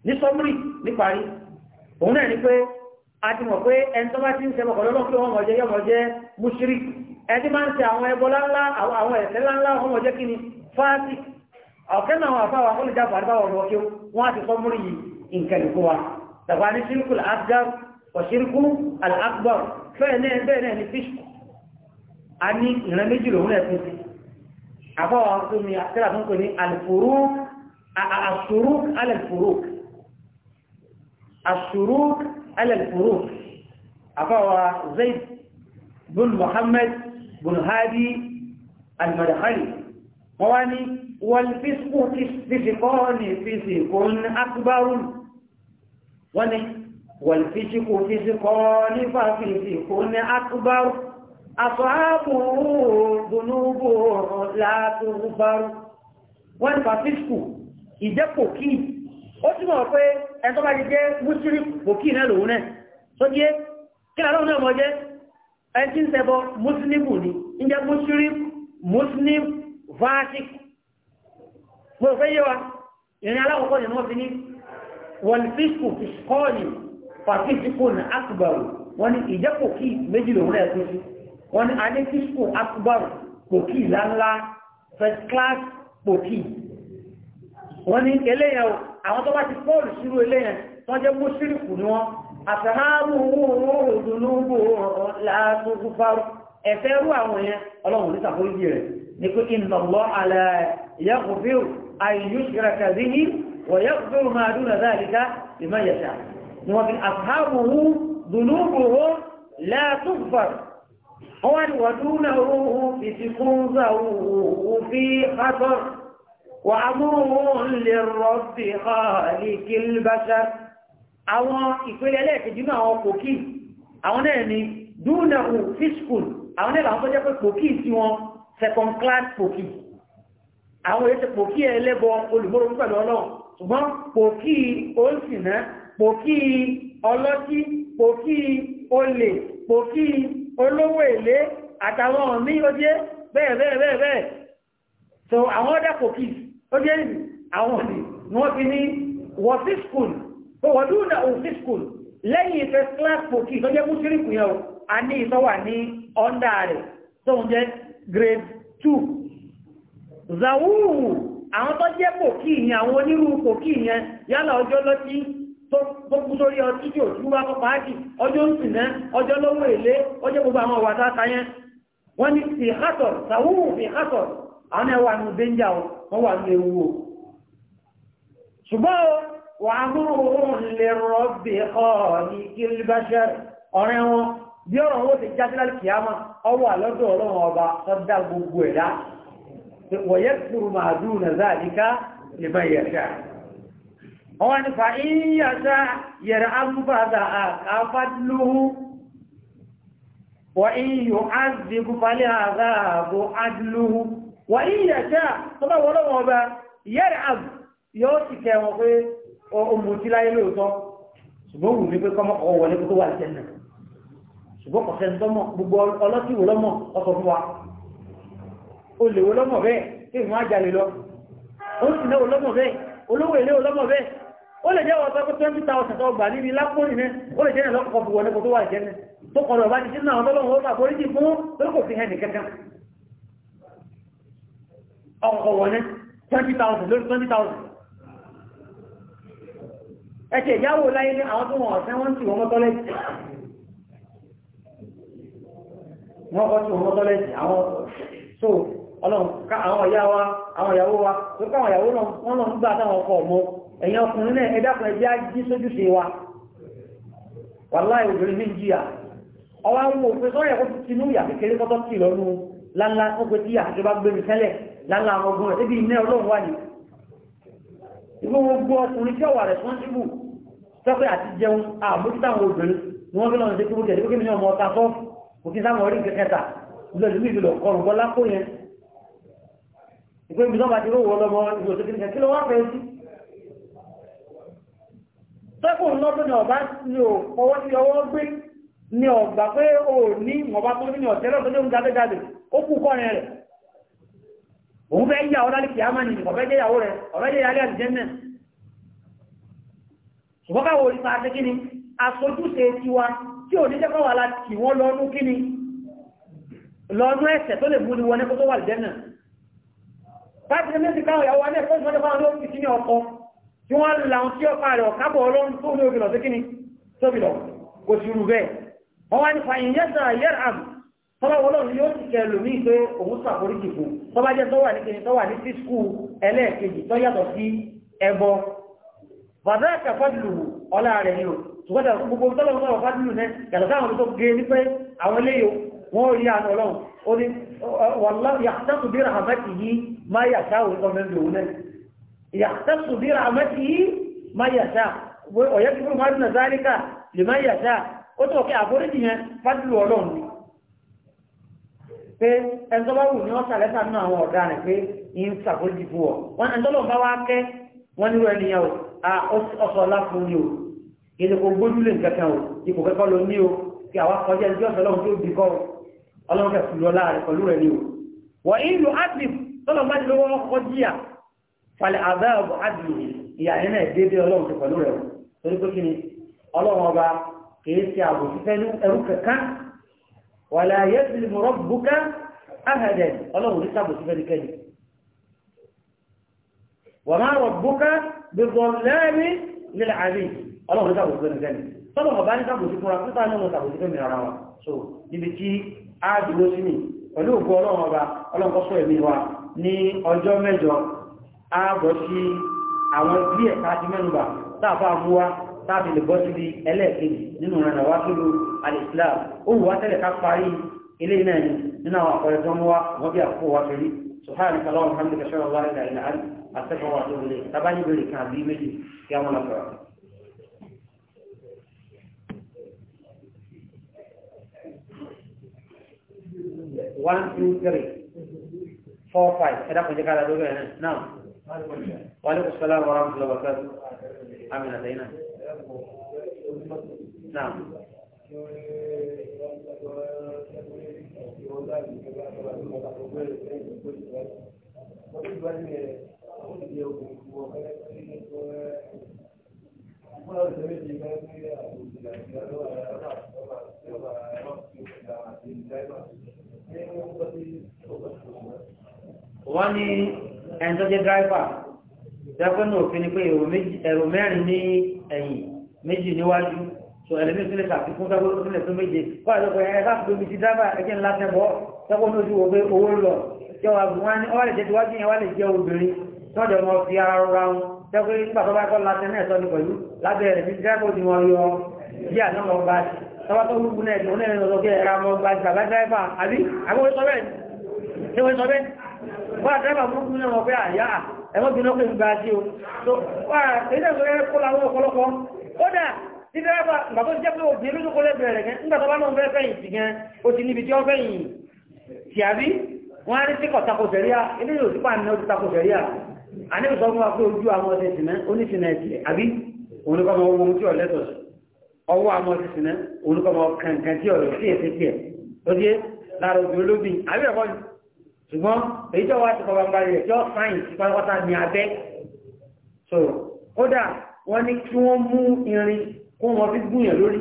Speaker 1: ní sọ́mùrì òun náà ni pé a ti mọ̀ pé ẹni tó bá ti ń ṣe ọkọ̀ lọ́nà pé wọ́n mọ̀ jẹ́ yọ́ mọ̀ jẹ́ mushrik ẹni máa ń ṣe àwọn ẹbọ láńlá àwọn ẹ̀ṣẹ̀ láńlá wọ́n mọ̀ jẹ́ kí ni fásik ọ̀kẹ́ náà wà fáwọn akọ́lẹ̀ jáfà àdúgbà ọ̀rọ̀ kí wọ́n á ti sọ múrí yìí nǹkan ìkó wa tàbá ní ṣírkù على الفروق أفوى زيد بن محمد بن هادي المدخلي واني والفسق فسقان فسق أكبر واني والفسق فسقان ففسق أكبر أصحابه ذنوبه لا تغفر والفسق إذا كوكيد ó túnmọ̀ pé ẹ̀tọ́ bá ti jẹ́ múṣírí bòkí náà lòun náà tó jẹ́ kí àlọ́ náà mọ́ jẹ́ ẹni tí ń ṣẹbọ mùsùlùmù ni ń jẹ́ múṣírí mùsùlùm vatic mo rò pé yé wa ìrìn alákọ̀ọ́kọ́ ni wọ́n fi ní wọ́n fíṣkù fíṣkọ́ọ̀lì fàfíṣkù ní akùbàrù wọ́n ní ìjẹ́kò kí méjì lòun náà tó sí wọ́n ní eléyàwó àwọn tó bá ti pọ́ọ̀lù sírú eléyẹn wọ́n jẹ́ mú sírìkù ni wọ́n àtàràrù òdùnúgbò látúkú fárú ẹ̀fẹ́ rú àwọn yẹn ọlọ́run ní sàkóyí rẹ̀ ní pé inna Allah ala yaghfiru an وعمر للرب خالق البشر àwọn ìpele ẹlẹ́ẹ̀kejì náà àwọn kòkí àwọn náà ni dúnàwò fíṣkùn àwọn náà àwọn tó jẹ́ pé kòkí tí wọ́n second class kòkí àwọn ètò kòkí ẹlẹ́bọ olùgbòrò pẹ̀lú ọlọ́run ṣùgbọ́n kòkí olùsìnà kòkí ọlọ́tí kòkí olè kòkí olówó èlé so àwọn ọ̀dà kòkí ó jẹ́ ìlú àwọn òsì ni wọ́n fi ní wọ́n sí skul wọ́n dúró náà òun lẹ́yìn ìfẹ́ class pòkì tó jẹ́ mùsírìkù yẹn o a ní ìtọ́ wà ní ọ́ndà rẹ̀ tó jẹ́ grade two zawúrù àwọn tó jẹ́ pòkì yẹn àwọn onírú pòkì yẹn yálà ọjọ́ lọ́tí tó kú sórí ọtí tí òtún wá kọ́ pàájì ọjọ́ ń sìn náà ọjọ́ lọ́wọ́ èlé ọjọ́ gbogbo àwọn ọ̀wà tá wọ́n ní fi hátọ̀ sàwúrù fi hátọ̀ àwọn ẹwà nù dénjà o wọ́n wà ní ewu o ṣùgbọ́n wà múrùn lè rọ́bì ọ̀ní kílbáṣẹ́ ọ̀rẹ́ wọn bí ọ̀rọ̀ wọn ti já sílá kìáma ọwọ́ àlọ́dọ̀ ọlọ́run ọba sọ́dá gbogbo ẹ̀dá wọ̀yẹ́ kúrò máa dùn nà záàdíká ìbọn wà ní ìyàṣá tó bá wọ́n lọ́wọ́ ọba yẹ́rẹ̀ àb yóò sì kẹ́ wọn pé ọmọdé láyé lóòótọ́ ṣùgbọ́n wù mí pé kọ́mọ ọ̀wọ́ wọlé kó tó wà lẹ́sẹ̀ náà ṣùgbọ́n kọ̀sẹ̀ ń tọ́mọ̀ gbogbo ọlọ́tí wò lọ́mọ̀ ọkọ̀ fún wa o lè wo lọ́mọ̀ bẹ́ẹ̀ kí ìwọ̀n ajalè lọ o sì náà lọ́mọ̀ bẹ́ẹ̀ olówó ilé lọ́mọ̀ bẹ́ẹ̀ ó lè jẹ́ ọ̀tọ́ pé twenty thousand tó gbà níbi lápòrì náà ó lè jẹ́ náà lọ́kọ̀ọ́ fún wọlé kó tó wà lẹ́sẹ̀ náà tó kọ̀ ọkọ̀ wọ̀nẹ́ 20,000 lórí 20,000 ẹ̀kẹ̀ ìyáwó láyé ní àwọn tó wọ̀n ọ̀sẹ́ wọ́n tí wọ́n mọ́tọ́lẹ́sì wọ́n kọ́ tí wọ́n mọ́tọ́lẹ́sì so àwọn wa tó káwọn ìyàwó wọ́n lọ ń gbà ọkọ̀ ẹ̀yìn ọkùnrin náà sójú sí wa wàláì obìnrin ní jíyà ọwá ń wo ti tinú ìyà kékeré kọ́tọ́ lálá àwọn ogun rẹ̀ débi iná ọlọ́run wà ní ìgbó gbogbo ọkùnrin tí ọwà rẹ̀ fún síbù tọ́pẹ́ àti jẹun àmójútó àwọn obìnrin ni wọ́n fi lọ́nà sí kúrúkẹ̀ nígbó kíni ọmọ ọta fọ́ òkè sáwọn orí kẹta lọ́dún ní ìlú ọkọ̀rùn bọ́ lápò yẹn ìgbó ibi tó bá ti rówó ọlọ́mọ ìlú òṣèlú kí ló wá fẹ́ sí tọ́pù lọ́dún ní ọ̀bá ní ò ọwọ́ sí ọwọ́ gbé ní ọ̀gbà pé ò ní ìwọ̀nba tó ní ọ̀tẹ́lọ́ tó ní oúnjẹ òun fẹ́ yà ọ́lá lìkì àmà nìyí ọ̀fẹ́ jẹ́ ìyàwó rẹ̀ ọ̀fẹ́ jẹ́ ìyàlẹ́ àti jẹ́mẹ̀ ṣùgbọ́n káwọ̀ orí pàṣẹ kíni aṣojúṣe tiwa tí ò ní jẹ́ kọ́wà láti wọ́n lọ́nú kíni lọ́nú ẹ̀ṣẹ̀ tó lè mú ni wọn ní kó tó wà lìjẹ́nà pàṣẹ méjì káwọ̀ ìyàwó alẹ́ fún ìmọ̀lẹ́ fáwọn olóòtú sí ní ọkọ tí wọ́n làun tí ọkọ rẹ̀ ọ̀kábọ̀ kò sí rú bẹ́ẹ̀ wọ́n wá ní fàyín yẹ́sà yẹ́rà àmì tọ́lọ́wọ́ lọ́run yóò ti kẹ́ lómi pé òun sàforíjì fún tó bá jẹ́ tó wà ní kejì tó wà ní sí skul ẹlẹ́ẹ̀kejì tó yàtọ̀ sí ẹbọ bàbá ẹ̀ka fọ́dùlù ọlá rẹ̀ ni o ṣùgbọ́n tẹ̀lé gbogbo tọ́lọ́wọ́ sọ̀rọ̀ fọ́dùlù náà yàtọ̀ sáwọn olùtọ́ gé ní pé àwọn eléyò wọ́n rí àánú ọlọ́run ó ní wàlá yàtọ̀tù bí rahamati yìí má yàtá òótọ́ mẹ́rin òun náà yàtọ̀tù bí rahamati yìí má yàtá ọ̀yẹ́ kíkúrú má dùn náà sáré lè má yàtá ó tó kí àforíjì yẹn fọ́dùlù ọlọ́run pé ẹ̀ńtọ́ bá wù ní ọ̀sà lẹ́sà nínú àwọn ọ̀dà rẹ̀ pé yín ṣàkójì fún ọ wọn ẹ̀ńtọ́ lọ́n bá wá kẹ́ wọn nírú ẹnìyàn o ọ̀sọ̀ ọ̀la fún ni o èdè kò gbójú lè kankan o ipò kẹ́kọ̀ọ́ ló ní o kí àwa kọjá ẹni tí ọ̀sẹ̀ lọ́hùn tó di kọ́ o ọlọ́run kẹ́ fún lọ́la rẹ̀ pẹ̀lú rẹ̀ ni o wọ́n ìlú adìm tọ́lọ̀ bá ti lówó ọkọ̀ jíyà falẹ̀ àbẹ́ọ̀bù adìm wàlá yẹ́sìlì mọ̀rọ̀ bùkà ahàdẹ̀ ọlọ́run ní sábò sí fẹ́nikẹ́ni wà máa rọ̀ bùkà gbẹ̀gbọ̀n lẹ́ẹ̀mí nílẹ̀ àbí ọlọ́run ní sábò sí fẹ́nikẹ́ni tọ́lọ̀ ọ̀bá ní sábò sí fúnra pípa náà sábò sí fẹ́mi ara wa so níbi tí a dúró sí ni pẹ̀lú òkú ọlọ́run ọba ọlọ́run kọ́ sọ ẹ̀mí wa ní ọjọ́ mẹ́jọ a bọ̀ sí àwọn bí ẹ̀ka ti mẹ́nuba táàfà mú wa tàbí lè bọ́ síbi ẹlẹ́ẹ̀kejì nínú ọ̀nà wákìlú alìsílám ó wù wá tẹ́lẹ̀ ká parí ilé iná ẹni nínú àwọn àpẹẹrẹ tó ń wá wọ́n bí àkókò wá fẹ́rí sùhánì kàlọ́wọ́n hàmì kẹsọ́rọ̀ wá ilẹ̀ ilẹ̀ àlì àtẹ́kọ̀ọ́ wà tó lè tábàáyé bèrè kan àbí méjì kí á wọn lọ Náà. wọ́n ní ẹni tó jẹ́ dráìfà jákọ́nà òfin ni pé ẹ̀rọ mẹ́rin ní ẹ̀yìn méjì níwájú so ẹ̀lẹ́mí tó lè kàfi fún sábọ́ tó lè tó méje kó àjọpọ̀ ẹ̀ ká fi omi ti dábà ẹ̀jẹ̀ ńlá tẹ̀bọ́ sábọ́ ní ojú wo pé owó lọ jẹ́ wà bí wọ́n ní ọwọ́ lè jẹ́ tiwájú yẹn wà lè jẹ́ obìnrin tí wọ́n jọ mọ fi ara ra wọn tẹ́kọ̀ nígbà tó bá kọ́ látẹ̀ náà sọ ní pẹ̀lú lábẹ́ rẹ̀ bíi dábò ẹ̀wọ́n bí náà pè ń gba sí o tó wà èyí náà fẹ́ kó làwọn ọ̀pọ̀lọpọ̀ kódà tí dẹ́rẹ́bà bàbá ti jẹ́ pé obìnrin lójú kó lẹ́bẹ̀rẹ̀ rẹ̀ gẹ́ nígbà tó bá náà fẹ́ fẹ́yìn sí gan o ti níbi tí ó fẹ́yìn tì àbí wọ́n á rí sí kọ̀tako sẹ̀ríà eléyìí ò sí pàmì náà ti tako sẹ̀ríà àníbi sọ fún wa pé ojú àwọn ọwọ́ àwọn ọ̀sẹ̀ sìnà tí ọ̀rọ̀ sí ẹ̀sẹ̀ tiẹ̀ lọ́dí lára obìnrin lóbìn àbí ṣùgbọ́n èyí tó wá ti kọ̀wá parí rẹ̀ yọ fáyìn sí pátápátá ní abẹ́ so kódà wọ́n ní kí wọ́n mú irin kó wọn fi gúnyàn lórí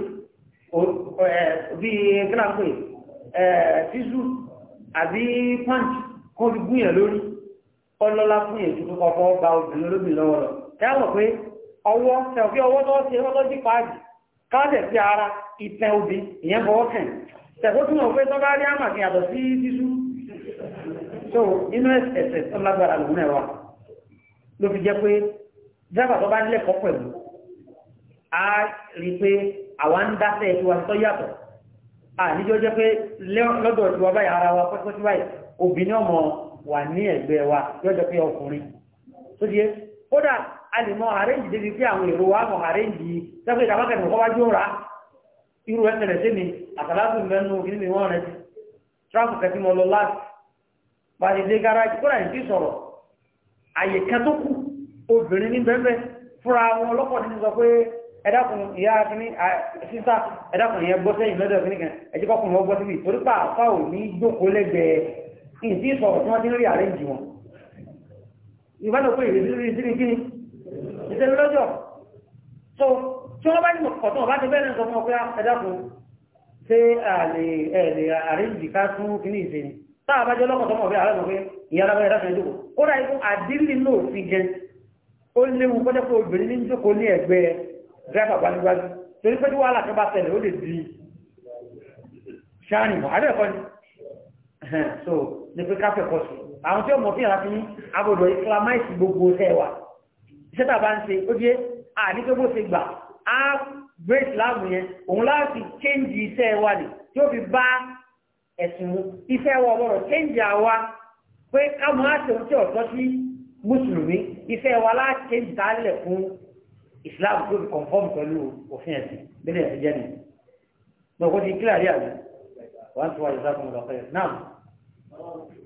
Speaker 1: bí gíláàpù tíṣù àbí pọ́ǹtì kó fi gúnyàn lórí ọlọ́lá fún yẹn tuntun kọ̀ọ̀kan ọba obìnrin olóbìnrin lọ́wọ́ lọ tẹ́wọ̀n pé ọwọ́ tẹ̀wọ̀n pé ọwọ́ tó ṣe wọ́n lọ́jí pàájì káàdẹ̀ sí ara ìtẹ́ túnmọ̀ pé tọ́ rí àmàkì sí tíṣù tó inú ẹsẹ̀ tó lágbára lòun náà ló fi jẹ pé dábàá tó bá a rí i pé àwa ń dáṣẹ́ tiwa tó yàtọ̀ àníjọ́ jẹ pé lọ́dọ̀ tiwa báyìí ara wa báyìí obìnrin ọmọ wà ní ẹ̀gbẹ́ wa pé ọkùnrin tó di kódà a lè mọ àrẹ́ǹjì débi pé àwọn èrò wa mọ irú sí mi mi sí pàdédé gáràjì kó láì sí sọ̀rọ̀ àyè kan tó kù obìnrin ní bẹ́ẹ̀ fúnra wọn ọlọ́pọ̀ nínú sọ pé ẹ̀dàkùn ìyá kìíní sísá ẹ̀dàkùn ìyẹn gbọ́ sẹ́yìn lọ́dọ̀ kìíní kan ẹ̀jẹ̀ kọkùnrin wọn gbọ́ síbi torí pa àfa ò ní jókòó lẹ́gbẹ̀ẹ́ ìdí ìsọ̀rọ̀ tí wọ́n ti ń rí àrẹ́ǹjì wọn. ìbálòpọ̀ ìrísí rí kíni ìṣẹ́lú lọ́jọ́ so tí wọ́n bá ní ọ̀tún ọ̀bá ti bẹ́ẹ̀ ní sọ fún ọ pé ẹ̀dàkùn ṣé àlè àrẹ́ǹjì ká tá a bá jẹ́ lọ́kọ̀ tọmọ ọ̀fẹ́ ààrẹ mọ̀ pé ìyá alábẹ́rẹ́ láti ẹjọ́ kó dà ikú àdílì náà fi jẹ ó léwu kọjá pé obìnrin ní jókòó ní ẹgbẹ́ dráìbà gbajúgbajú torí pé wàhálà kan bá tẹ̀lé ó lè di ṣáàrì mọ̀ àbẹ́ ẹ̀kọ́ ni so ní pé káfẹ́ kọ sí àwọn tí ó mọ̀ fi hàn fi agbọ̀dọ̀ islamice gbogbo ṣẹ́ iṣẹ́ tá a bá ń ṣe ó jẹ́ àní pé bó ṣe change iṣẹ́ wa ni tí ó ẹ̀sìn mu ìfẹ́ wa ọmọ rẹ̀ kéńjì àwa pé ká mọ àti ohun tí ọ̀tọ́ sí mùsùlùmí ìfẹ́ wa láti kéńjì tá a lẹ̀ fún islam tó fi kọ̀ǹfọ́ọ̀mù pẹ̀lú òfin ẹ̀sìn bẹ́ẹ̀ ni ẹ̀sìn jẹ́ ni mo kò ti kílà rí àná wà á tún wà ní sáà fún mi náà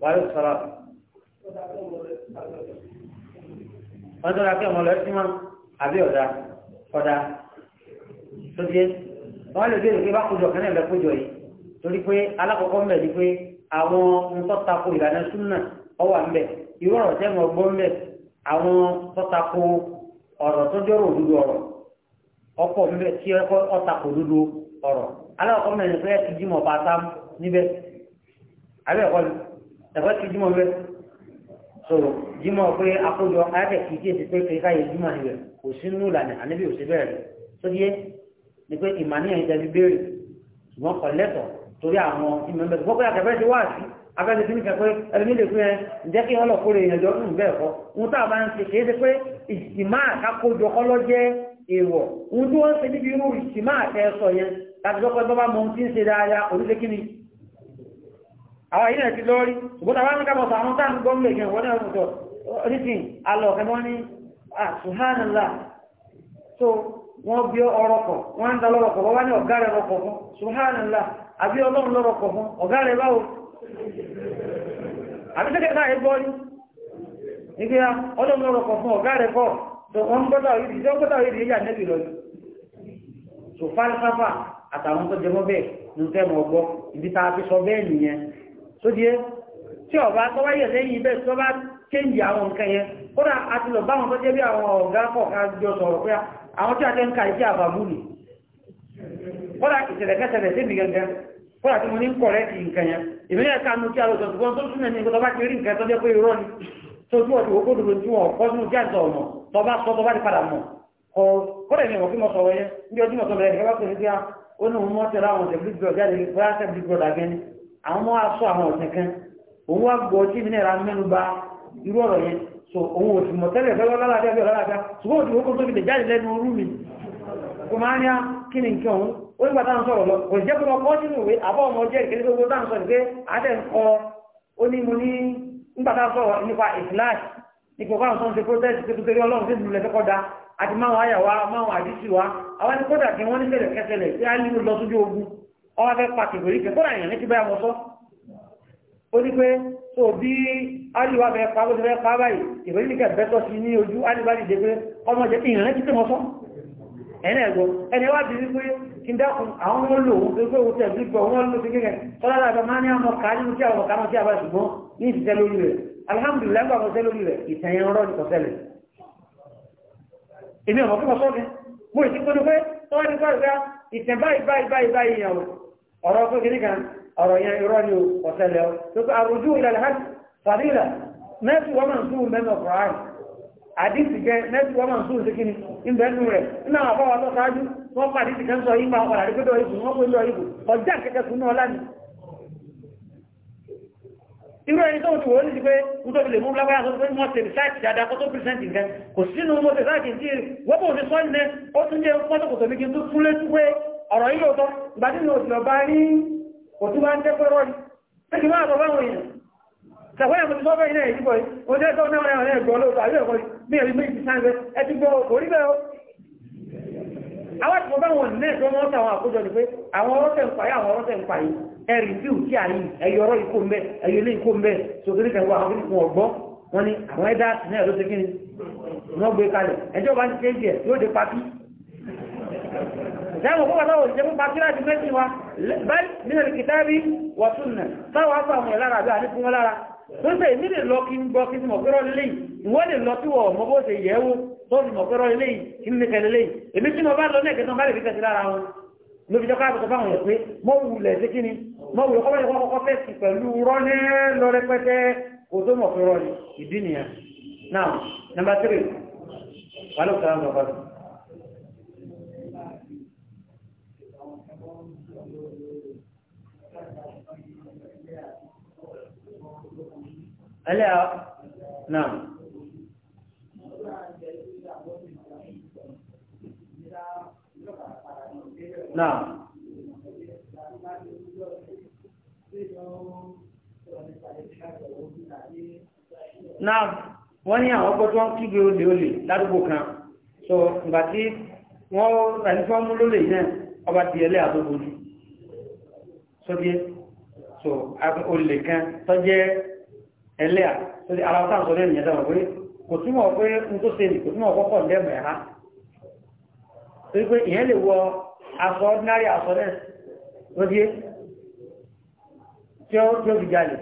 Speaker 1: wà á yóò sọ̀rọ̀ wọ́n tó ra kí ọmọ lọ sí mọ́ àbí ọ̀dà ọ̀dà tó ti wọ́n lè bẹ̀rẹ̀ pé bá kójọ kan torí pé alákọ̀ọ́kọ́ mbẹ̀ ni pé àwọn ntọ́tako ìlànà súnà ọwà mbẹ̀ irú ọ̀rọ̀ tẹ́ mọ̀ gbọ́ mbẹ̀ àwọn tọ́tako ọ̀rọ̀ tó dọ́rọ̀ òdodo ọ̀rọ̀ ọkọ̀ mbẹ̀ tí ọ̀tako òdodo ọ̀rọ̀ alákọ̀ọ́kọ́ mbẹ̀ ni pé ẹ ti jí mọ̀ bàtà níbẹ̀ abẹ́ ẹ̀kọ́ ni ẹ̀kọ́ ti jí mọ̀ mbẹ̀ sọ̀rọ̀ jí mọ̀ pé akójọ ayáfẹ́ kìí kí èsì pé kéka yẹ jí pé ìmọ̀ torí àwọn ìmọ̀lẹ́ gbogbo àkẹ́fẹ́ ti wá sí abẹ́lẹ̀ tí nìkan pé ẹlẹ́mí lè pín ẹ ǹjẹ́ kí wọ́n lọ kórè ìyànjọ́ ń bẹ́ẹ̀ kọ́ ohun tá a bá ń ṣe kìí ṣe pé ìsìmá àkákójọ kọ́ lọ jẹ́ èèwọ̀ ohun tí wọ́n ń ṣe níbi irú ìsìmá àtẹ́sọ yẹn láti sọ pé bọ́bá mọ ohun tí ń ṣe dáadáa oníṣe kí ni. àwọn yìí náà ti lọ rí ṣùgbọ́n tá à ń ń lè so wọ́n bí ọrọ̀ kọ̀ wọ́n ń da lọ́rọ̀ kọ̀ wọ́n àbí ọlọ́run lọ́rọ̀ kọ̀ fún ọ̀gá rẹ̀ báwo àbí sẹ́kẹ̀ náà ẹgbọ́ ní ya, ọlọ́run lọ́rọ̀ kọ̀ fún ọ̀gá rẹ̀ kọ̀ tó wọ́n gbọ́dọ̀ ìdí gbọ́dọ̀ nẹ́bì lọ so fárífáfà àtàwọn tó jẹmọ́ bẹ́ẹ̀ ló ibi taa a fi sọ bẹ́ẹ̀ nìyẹn tó di tí ọba tó wáyé lẹ́yìn ibẹ̀ tó bá kéńjì àwọn nǹkan yẹn kódà a ti lọ báwọn tó jẹ́ bí àwọn ọ̀gá kọ̀ọ̀kan jọ sọ̀rọ̀ pé ka ìdí kọ́lá ìṣẹ̀lẹ̀ kẹsẹ̀lẹ̀ sí mi gangan kọ́lá tí mo ní ń kọ̀ rẹ̀ nǹkan yẹn ìmìnira ẹ̀ka nu kí alóòtọ̀ ṣùgbọ́n tó súnmọ̀ ní ìgbọ́tọ̀ bá ti rí nǹkan tó jẹ́ pé irọ́ ni tó tí wọ́n ti wọ́pọ̀ dúró tí wọ́n kọ́ sínú kí àìsàn ọ̀nà tó bá sọ tó bá ti padà mọ̀ kọ́lá ìmìnira wọ́n kí mo sọ̀rọ̀ yẹn ní ọdún mọ̀tọ́ bẹ̀rẹ̀ nígbà pẹ̀lú bíá ó ní òun mọ́ tẹ̀lé àwọn ọ̀sẹ̀ big brother jáde bóyá sẹ́ big brother gẹ́ni àwọn mọ́ aṣọ àwọn ọ̀sẹ̀ kan òun wá gbọ́ tí ìmìnira mẹ́nu bà irú ó nígbà táwọn sọ̀rọ̀ lọ kò jẹ́ kó lọ kọ́ sínú ìwé àbọ̀ ọmọ jẹ́ ìkéde gbogbo táwọn sọ̀rọ̀ pé àtẹ̀ ń kọ́ ó ní mo ní sọ̀rọ̀ nípa nípa protest ọlọ́run lẹ́fẹ́ àti máwọn àyà wa máwọn àdísì wa àwọn ní kódà kí wọ́n kẹsẹ̀lẹ̀ tí a nílò lọ sójú ogun ọwọ́ fẹ́ pa kìbìrì kẹ kódà èèyàn ní ti bá wọn sọ ó ní pé tó bí aliwa fẹ́ pa bó ti fẹ́ pa e na ẹni wá bìí wípé kí n dákun àwọn wọn lò wọn pé gbọ́ wọn lò sí kékeré tọ́lá lábẹ́ máa ní ka anyị tí àwọn kàá tí a bá ṣùgbọ́n ní ìṣiṣẹ́ lórí rẹ̀ alihamudulilayi gba àwọn ṣiṣẹ́ lórí rẹ̀ ní àdísì jẹ nẹ́tùwọ́ máa tún sí kíni ìbẹ̀ẹ́nu rẹ̀ nínú àwọn àbáwọ̀ lọ́sáájú wọ́n pa àdísì kan sọ ipa ọ̀rà rí pẹ́tọ̀ ìbù wọ́n pẹ́lú ìbù ọjà kẹ́kẹ́ fún náà láti irú ẹni tó ní pé ń tó mú tó dáadáa kó tó nǹkan kò sínú tí ó tún Tẹ̀wọ́n ẹ̀mọ̀ tí wọ́n bẹ́ ilẹ̀ ìdíbọ̀ yìí, ó jẹ́ tó náà ẹ̀rọ ẹ̀gbọ́n lóòtọ́ àríwẹ̀ kan ní ẹ̀rí méjì sáńgbẹ́, ẹ ti gbọ́ orí bẹ́ẹ̀ o. Àwọn ìpọ̀ bá wọn ní ẹ̀tọ́ mọ́ sáwọn àkójọ ni pé àwọn ọlọ́tẹ̀ ń pàyà àwọn ọlọ́tẹ̀ ń pàyà ẹ̀rí tí ò kí àyè ẹ̀yọ ọ̀rọ̀ ikú mbẹ́ ẹ̀yọ ilé ikú mbẹ́ sókèrè kẹwàá àwọn oníkun ọ̀gbọ́n wọn ni àwọn ẹ̀dá náà ló ṣe kí ni wọ́n gbé kalẹ̀ ẹjọ́ bá ti ṣe jẹ yóò dé pati. Ìjáàmù kó wọ́n táwọn òṣèlú pati láti mẹ́sìn wa bẹ́ẹ̀ nínú kìtàbí wọ́tún náà táwọn á tó sẹ́ èmi lè lọ kí n gbọ́ kí n mọ̀ pẹ́rọ lélẹ́yìn ìwọ́n lè lọ tí wọ́n mọ bó ṣe yẹ̀ wò tó fi mọ̀ pẹ́rọ lélẹ́yìn kí n ní kẹ lélẹ́yìn èmi tí mo bá lọ lẹ́ẹ̀kẹ́ tán bá lè fi kẹsì lára wọn ló fi jọ káàbọ̀ tó fáwọn yẹn pé mọ wulẹ̀ sí kí ni mọ wulẹ̀ kọ́ bẹ́ẹ̀ kọ́kọ́ fẹ́ sí pẹ̀lú rọ́lẹ́ lọ rẹpẹtẹ kó tó mọ̀ pẹ́rọ ìdí nìyẹn now number three wàlúù sàlámù ọ̀bàdàn. ẹlẹ́ ọ náà. náà. náà wọ́n ní àwọn gbọ́dọ̀ ń kígbe olè olè ládùúgbò kan so ìgbà tí wọ́n rà ní fọ́ọ̀mù lólè náà ọba di ẹlẹ́ àtọ́gbòjú sọ́díẹ́ so olè kan tọ́jẹ́ ẹlẹ́à torí ara táà sọ lẹ́nu ìyẹ́dá wọ̀pẹ́ kò túmọ̀ pé n tó ṣe nì kò túmọ̀ kọ́kọ́ lẹ́mọ̀ ẹ̀há torí pé ìyẹn lè wọ aṣọ ordinary aṣọ náà lóde tí ó tí ó fi jalè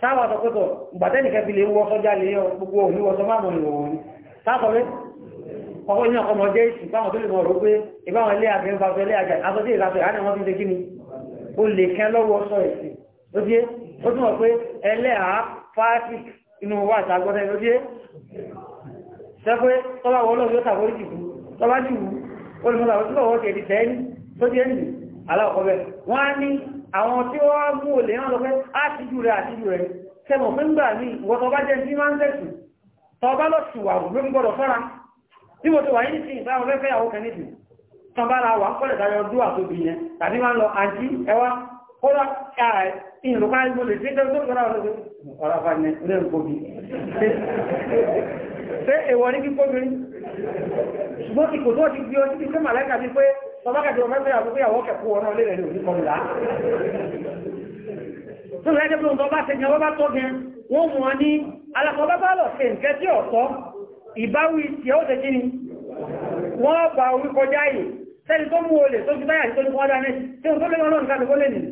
Speaker 1: sáwà sọ pẹ́tọ̀ gbàtẹ́nìkẹ́ fi lè wọ́ sọ́jà lè yọ gbogbo òní wọ́ sọ máàmù ìwọ̀n òní sáàtọ̀ pé ọkọ̀ ní ọkọ̀ mọ̀jẹ́ ìsìn báwọn tó lè mọ̀ rò pé ìbáwọn ilé àgbẹ̀ ń fa fẹ́ lé àjà aṣọ́jú ìlàfẹ́ àná wọn fi ṣe kí ni o lè kẹ́ lọ́wọ́ sọ ìsìn lóde ó túnmọ̀ pé ẹlẹ́àá Patrick inú wà ìtàgọ́dẹ̀ ló dé ṣẹ́fẹ́ tọ́lá wọ́n lọ́wọ́ yóò tàbí oríṣìí tọ́lá jù wú olùmọ́lá wọ́n tọ́lá wọ́n tẹ̀ ti tẹ́ẹ̀ni tó jẹ́ nì aláwọ̀kọ́bẹ̀ wọ́n á ní àwọn tí wọ́n mú olè náà lọ́pẹ́ àtijú rẹ̀ àtijú rẹ̀ sẹ́mọ̀ pé ńgbà ní ìwọ́n tọba jẹ́ sí máa ń tẹ̀sù tọba lọ sù wà wùgbé ń gbọ́dọ̀ fọ́ra bí mo ti wà yìí sí ìbáwọn fẹ́fẹ́ àwọn kẹ́nìtì tọ́ba ń kọ́lẹ̀ tayọ dúwà tóbi tàbí máa ń lọ àǹtí ẹwà kódà ìrùkà ìgbò lè ṣíkẹ́ tó kọ́ra ọ̀rọ̀ ọ̀rọ̀ fàánẹ̀ ilé ìkóbi ṣe èwọ̀ ní kíkóbi rí ṣùgbọ́n ìkò tó ti gbí ọtí ti fẹ́ màlẹ́kà bí pé tọ́bákàtí ọmọ ẹgbẹ́ àgbẹ́ ìyàwó o ọ̀nà ilé rẹ̀ ní kọmùlá tó rẹ̀ jẹ́ pé ọ̀tọ́ bá ṣe ní ọba tó gẹn wọ́n mú ọ ní alakọ̀ọ́bá bá lọ ṣe nǹkẹ́ tí ọ̀tọ́ ìbáwí tí ó ṣe kíni wọ́n bá orí kọjá yìí sẹ́ni tó o olè tó ti báyà tó ní wọ́n dá ní tí ó tó lé wọn lọ́nà káàkiri lé nìí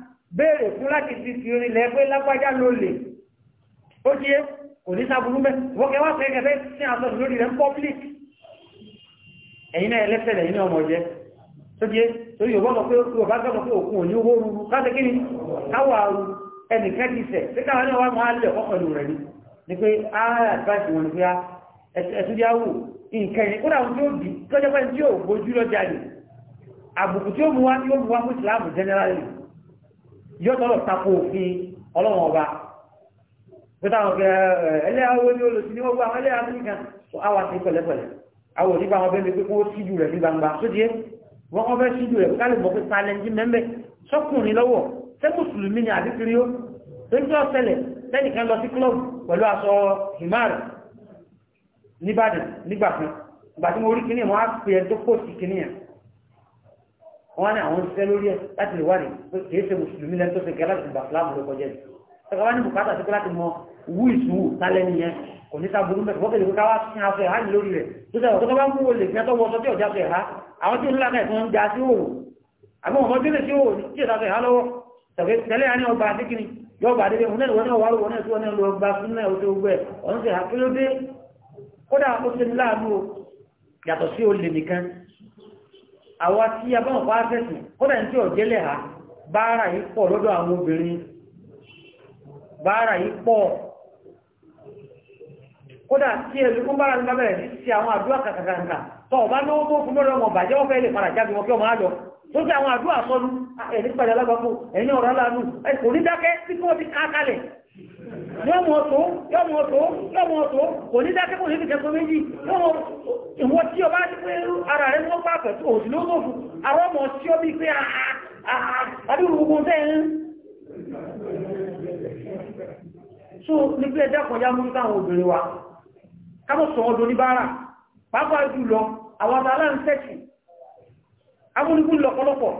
Speaker 1: béèrè fún láti fi fi orin lẹ pé lágbájá ló lè ó jẹ́ kò ní sáburú mẹ́ wọ́kẹ́ wá pé ẹgbẹ́ sí àṣọ lórí rẹ̀ ń public ẹ̀yin náà ẹlẹ́sẹ̀ lẹ́yìn náà ọmọdé tó jẹ́ torí yóò bọ́ pé yóò bá gbọ́ pé òkun òní owó ruru káṣe kí ni káwà ru ẹnìkan ti sẹ̀ pé káwọn náà ni ni pé ah, advice wọn ni pé ẹ̀sùn jẹ́ àwò nǹkan ẹ̀yìn kódà wọn tí ó bì tó jẹ́ pé tí yóò bójú lọ́jà ni àbùkù tí ó mú wá yóò tọ́lọ̀ tako òfin ọlọ́wọ̀n ọba pẹ̀lú àwọn ọ̀gẹ̀ ẹlẹ́yàwó ni ni wọ́n gbọ́ àwọn ẹlẹ́yàwó nìkan àwọn àti pẹ̀lẹ́pẹ̀lẹ́ àwọn òní báwọn bẹ́ẹ̀ pé kí wọ́n síjú rẹ̀ ní gbangba tó di ẹ́ wọ́n kọ́ fẹ́ síjú rẹ̀ ká lè mọ̀ pé talẹ́ńtì mẹ́mẹ́ sọ́kùnrin lọ́wọ́ ṣé mùsùlùmí ni àbí kiri ó lójú ọ̀sẹ̀lẹ̀ lẹ́nìkan lọ sí club pẹ̀lú aṣọ himar nìbàdàn nígbà kan ìgbà tí mo rí kíní mo á pè ẹ tó pòsì kíní yẹn wọn ní àwọn ṣiṣẹ́ lórí ẹ̀ láti lè wádìí pé kìí ṣe mùsùlùmí lẹ́nu tó ṣe kẹ́ láti gbà fúlàmù ló kọjá yìí. ẹ̀ka wá ní bùkátà sí pé láti mọ wú ìṣúwù sálẹ̀ nìyẹn kò ní sábúrú mẹ́tò wọ́n kẹ́lẹ́ pé káwá sí aṣọ ẹ̀há lórí rẹ̀ tó sẹ́wọ̀ tó bá ń kú olè fẹ́ tọ́wọ́ sọ́tí ọ̀já ẹ̀há àwọn tí olùlànà ẹ̀ tó ń ja sí òwò àbí wọn mọ́jú lè sí òwò ní tí ìsàfẹ́ ẹ̀há lọ́wọ́ tẹ̀wé tẹ́lẹ̀ àní ọgbà adékìní yọgbà adébẹ̀ wọn náà wọn náà wárò wọn náà tí wọn náà lọ gba súnmọ́ ọdún ogbẹ́ ọ̀hún ṣe àkílódé kódà ó ṣe ní láàánú yàtọ̀ sí olè nìkan àwọn tí a bá ń pa áfẹ́sì kódà tí jẹ́lẹ̀ ha bára yìí pọ̀ lọ́dọ̀ àwọn obìnrin bára yìí pọ̀ kódà tí ẹ̀lú kún bára nígbà bẹ̀rẹ̀ sí àwọn àdúrà kàkàkàkà tọ́ ọ̀bá lówó tó fún lọ́dọ̀ wọn bàjẹ́ wọ́n fẹ́ lè padà jáde wọn kí ọmọ àjọ tó yọ́mọ̀ tó yọ́mọ̀ tó kò ní dákẹ́ ní fi kẹsọ méjì ìwọ̀n tí ọba ti pé ara rẹ̀ àwọn ọmọ bí pé ah, ah, ah, àdúrú gbogbo so ní pé ẹjá kọjá mú obìnrin wa sọ ọdún ní bára pàápàá àwọn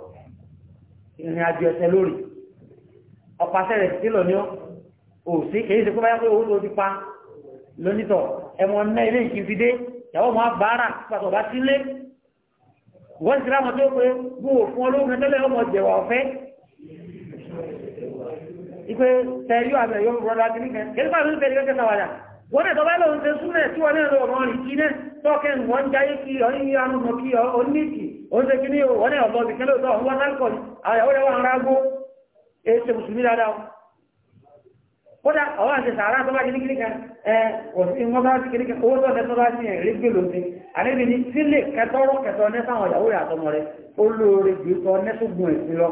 Speaker 1: ìrìn àjò ẹsẹ̀ lórí ọ̀pàṣẹ rẹ̀ sí lọ ní ọ́ òsì kìí ṣe kó báyá pé owó tó ti pa lónítọ̀ ẹmọ ná ilé ìkí fi dé ìyàwó máa bàárà pàtó bá sílé wọ́n ti ráwọn tó pé gbówó fún olóògùn tẹ́lẹ̀ ọmọ jẹ̀wà ọ̀fẹ́ ipe tẹ̀yọ́ àmì ẹ̀yọ́ rọ́lá ti nígbẹ̀ kí nípa ló ń tẹ̀lé kẹta wàdà wọ́n tẹ̀ tọ́ba lóun ṣe súnmẹ̀ tí wọ́n náà lọ rọrùn kí náà tọ́kẹ́ ń wọ́n jáyé kí ọ oúnjẹ kí ní wọ́n ní ọ̀bọ̀ ti kẹ́lẹ̀ ọ̀tọ́ ọ̀wọ́n lálùkọ̀ ní àyàwó rẹ̀ wà ń rágbó èsè mùsùlùmí dáadáa kódà ọwọ́ àti sàárà tó bá kìnnìkìnnì kan ẹ òsì wọn bá kìnnìkìnnì kan owó tó ọ̀tẹ́ tó bá sí ẹ̀ rí gbé lòdì àníbi ní sílẹ̀ kẹtọ́rọ́ kẹtọ́ ní sáwọn ìyàwó rẹ̀ àtọmọ rẹ̀ ó lóore jù sọ nẹ́sùgbùn ẹ̀sìn lọ.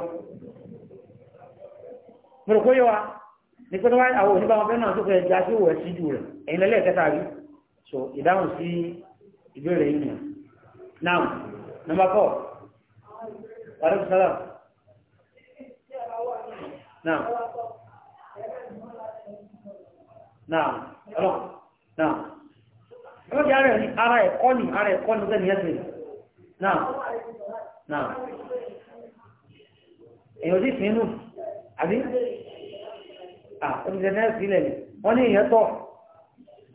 Speaker 1: mùrùkú yẹ wa ní pé wáyé àwọn oníbàwọn fẹ́ náà tó fẹ́ já sí so ìdáhùn sí ìbéèrè yìí nìyẹn Number four. Alaykum salam. Now. Now. Along. Now. Wọ́n di ara ẹ̀ ara ẹ̀kọ́ ni ara ẹ̀kọ́ ni sẹ́ni ẹ̀sìn. Now. Now. Èèyàn sì sínú. Àbí? Ah, ó ti sẹ́ni ẹ̀sìn ilẹ̀ ni. Wọ́n ní èèyàn tọ̀.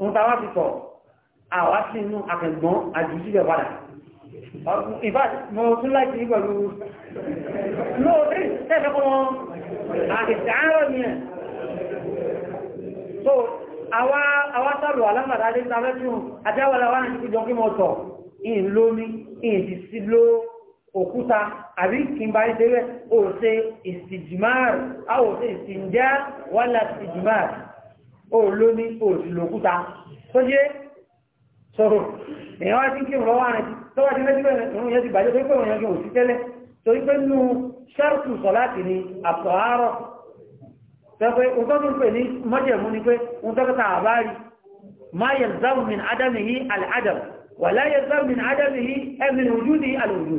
Speaker 1: Òun ta wá ti tọ̀. Àwa sínú akẹ̀gbọ́n àjùsílẹ̀ padà in fact mo tún láti ní pẹ̀lú lóòrí tẹ́fẹ́ kọ́ wọn àìsàárọ̀ ní ẹ̀ so àwa sọ́rọ̀ alámàdá lé sáfẹ́ tí ó àjẹ́wọ̀lá wá ní ìjọ kí mọ́ tọ̀ in lómi in ti sí ló òkúta àbí kí n bá se rẹ̀ ó ṣe ìsìjìmáàrù a ó ṣe ìsìnjẹ́ wọ́n láti ìsìjìmáàrù ó lómi ó sì lòkúta tó yé sọ̀rọ̀ èèyàn wá sí kí wọ́n wá rìn tó wá ti lẹ́sí bẹ̀rẹ̀ òun yẹn ti bàjẹ́ tó pé òun yẹn ò sí tẹ́lẹ̀ torí pé nínú ṣẹ́rùkù sọ láti ní àtọ̀hárọ̀ tẹ́pẹ́ nǹkan tó ń pè ní mọ́jẹ̀mú ni pé nǹkan tó ta àbárí ma yẹ záwù min ádámì yí al'adam wà láyẹ záwù min ẹ̀mìn ojú ní alòjú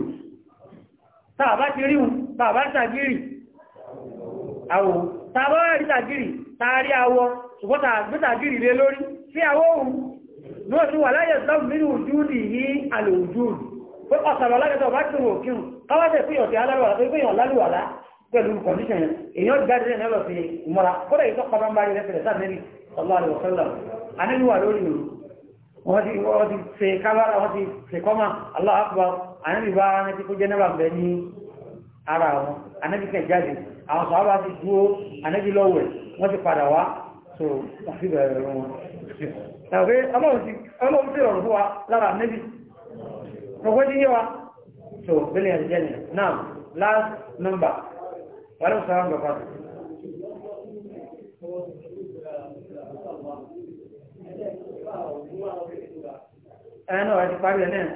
Speaker 1: tàbá ti ríhun tàbá tàgírì àwò tàbá rí tàgírì tàárí àwọ ṣùgbọ́n tàgbé tàgírì lé lórí sí àwọ̀ òun ní òṣù wà láyé sọ́rọ̀ nínú òjúùdì ní àlòòjúùdì pé ọ̀sàrọ̀ lágbẹ́tọ̀ bá tí wọ́n kírùn káwàtẹ̀ pé ọ̀tẹ̀ alárùwàlá pé èèyàn lálùwàlá pẹ̀lú kọ̀díṣẹ̀ èèyàn jáde lẹ́nu lọ sí ìmọ̀ra kọ́dà yìí tọ́kọ bá ń báyìí lẹ́sẹ̀ lẹ́sà nẹ́bí ọlọ́run ọ̀sọ́lọ̀ anẹ́lúwà lórí òru wọ́n ti wọ́n ti ṣe kábàrà wọ́n ti ṣe kọ́mà Allahu akbar anẹ́bí bá ara ti kó jẹ́nẹ́bà bẹ ní ara wọn anẹ́bí kẹ̀ jáde àwọn sọ̀rọ̀ bá ti dúró anẹ́bí lọ́wẹ̀ wọ́n ti padà wá so wọ́n ti bẹ̀rẹ̀ wọn. ẹ̀fẹ́ ọlọ́run sí ọ̀rọ̀ fún lára níbi ọgbẹ́ tí wa so billion jenny now last number wàlẹ́ òsàn ẹ̀nà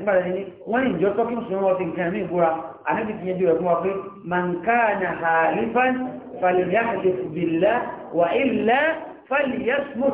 Speaker 1: parí ní wọ́n ìjọ sí ti àníbi ti yẹ́ ẹ̀kún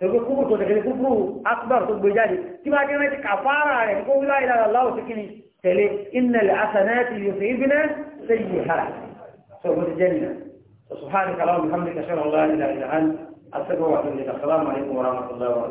Speaker 1: tẹ̀wé kúrò tó tẹ̀lé kúrò akbar tó gbé jáde tí bá dẹ́rẹ́ ti kàfàrà rẹ̀ kó wílá ìlà aláwọ̀ sí kíni tẹ̀lé ìnàlẹ̀ asanẹ́tì yóò fi ìbínẹ́ sẹ́yìn ha sọ̀rọ̀ ti jẹ́ nìyà sọ̀rọ̀ hàn kàlá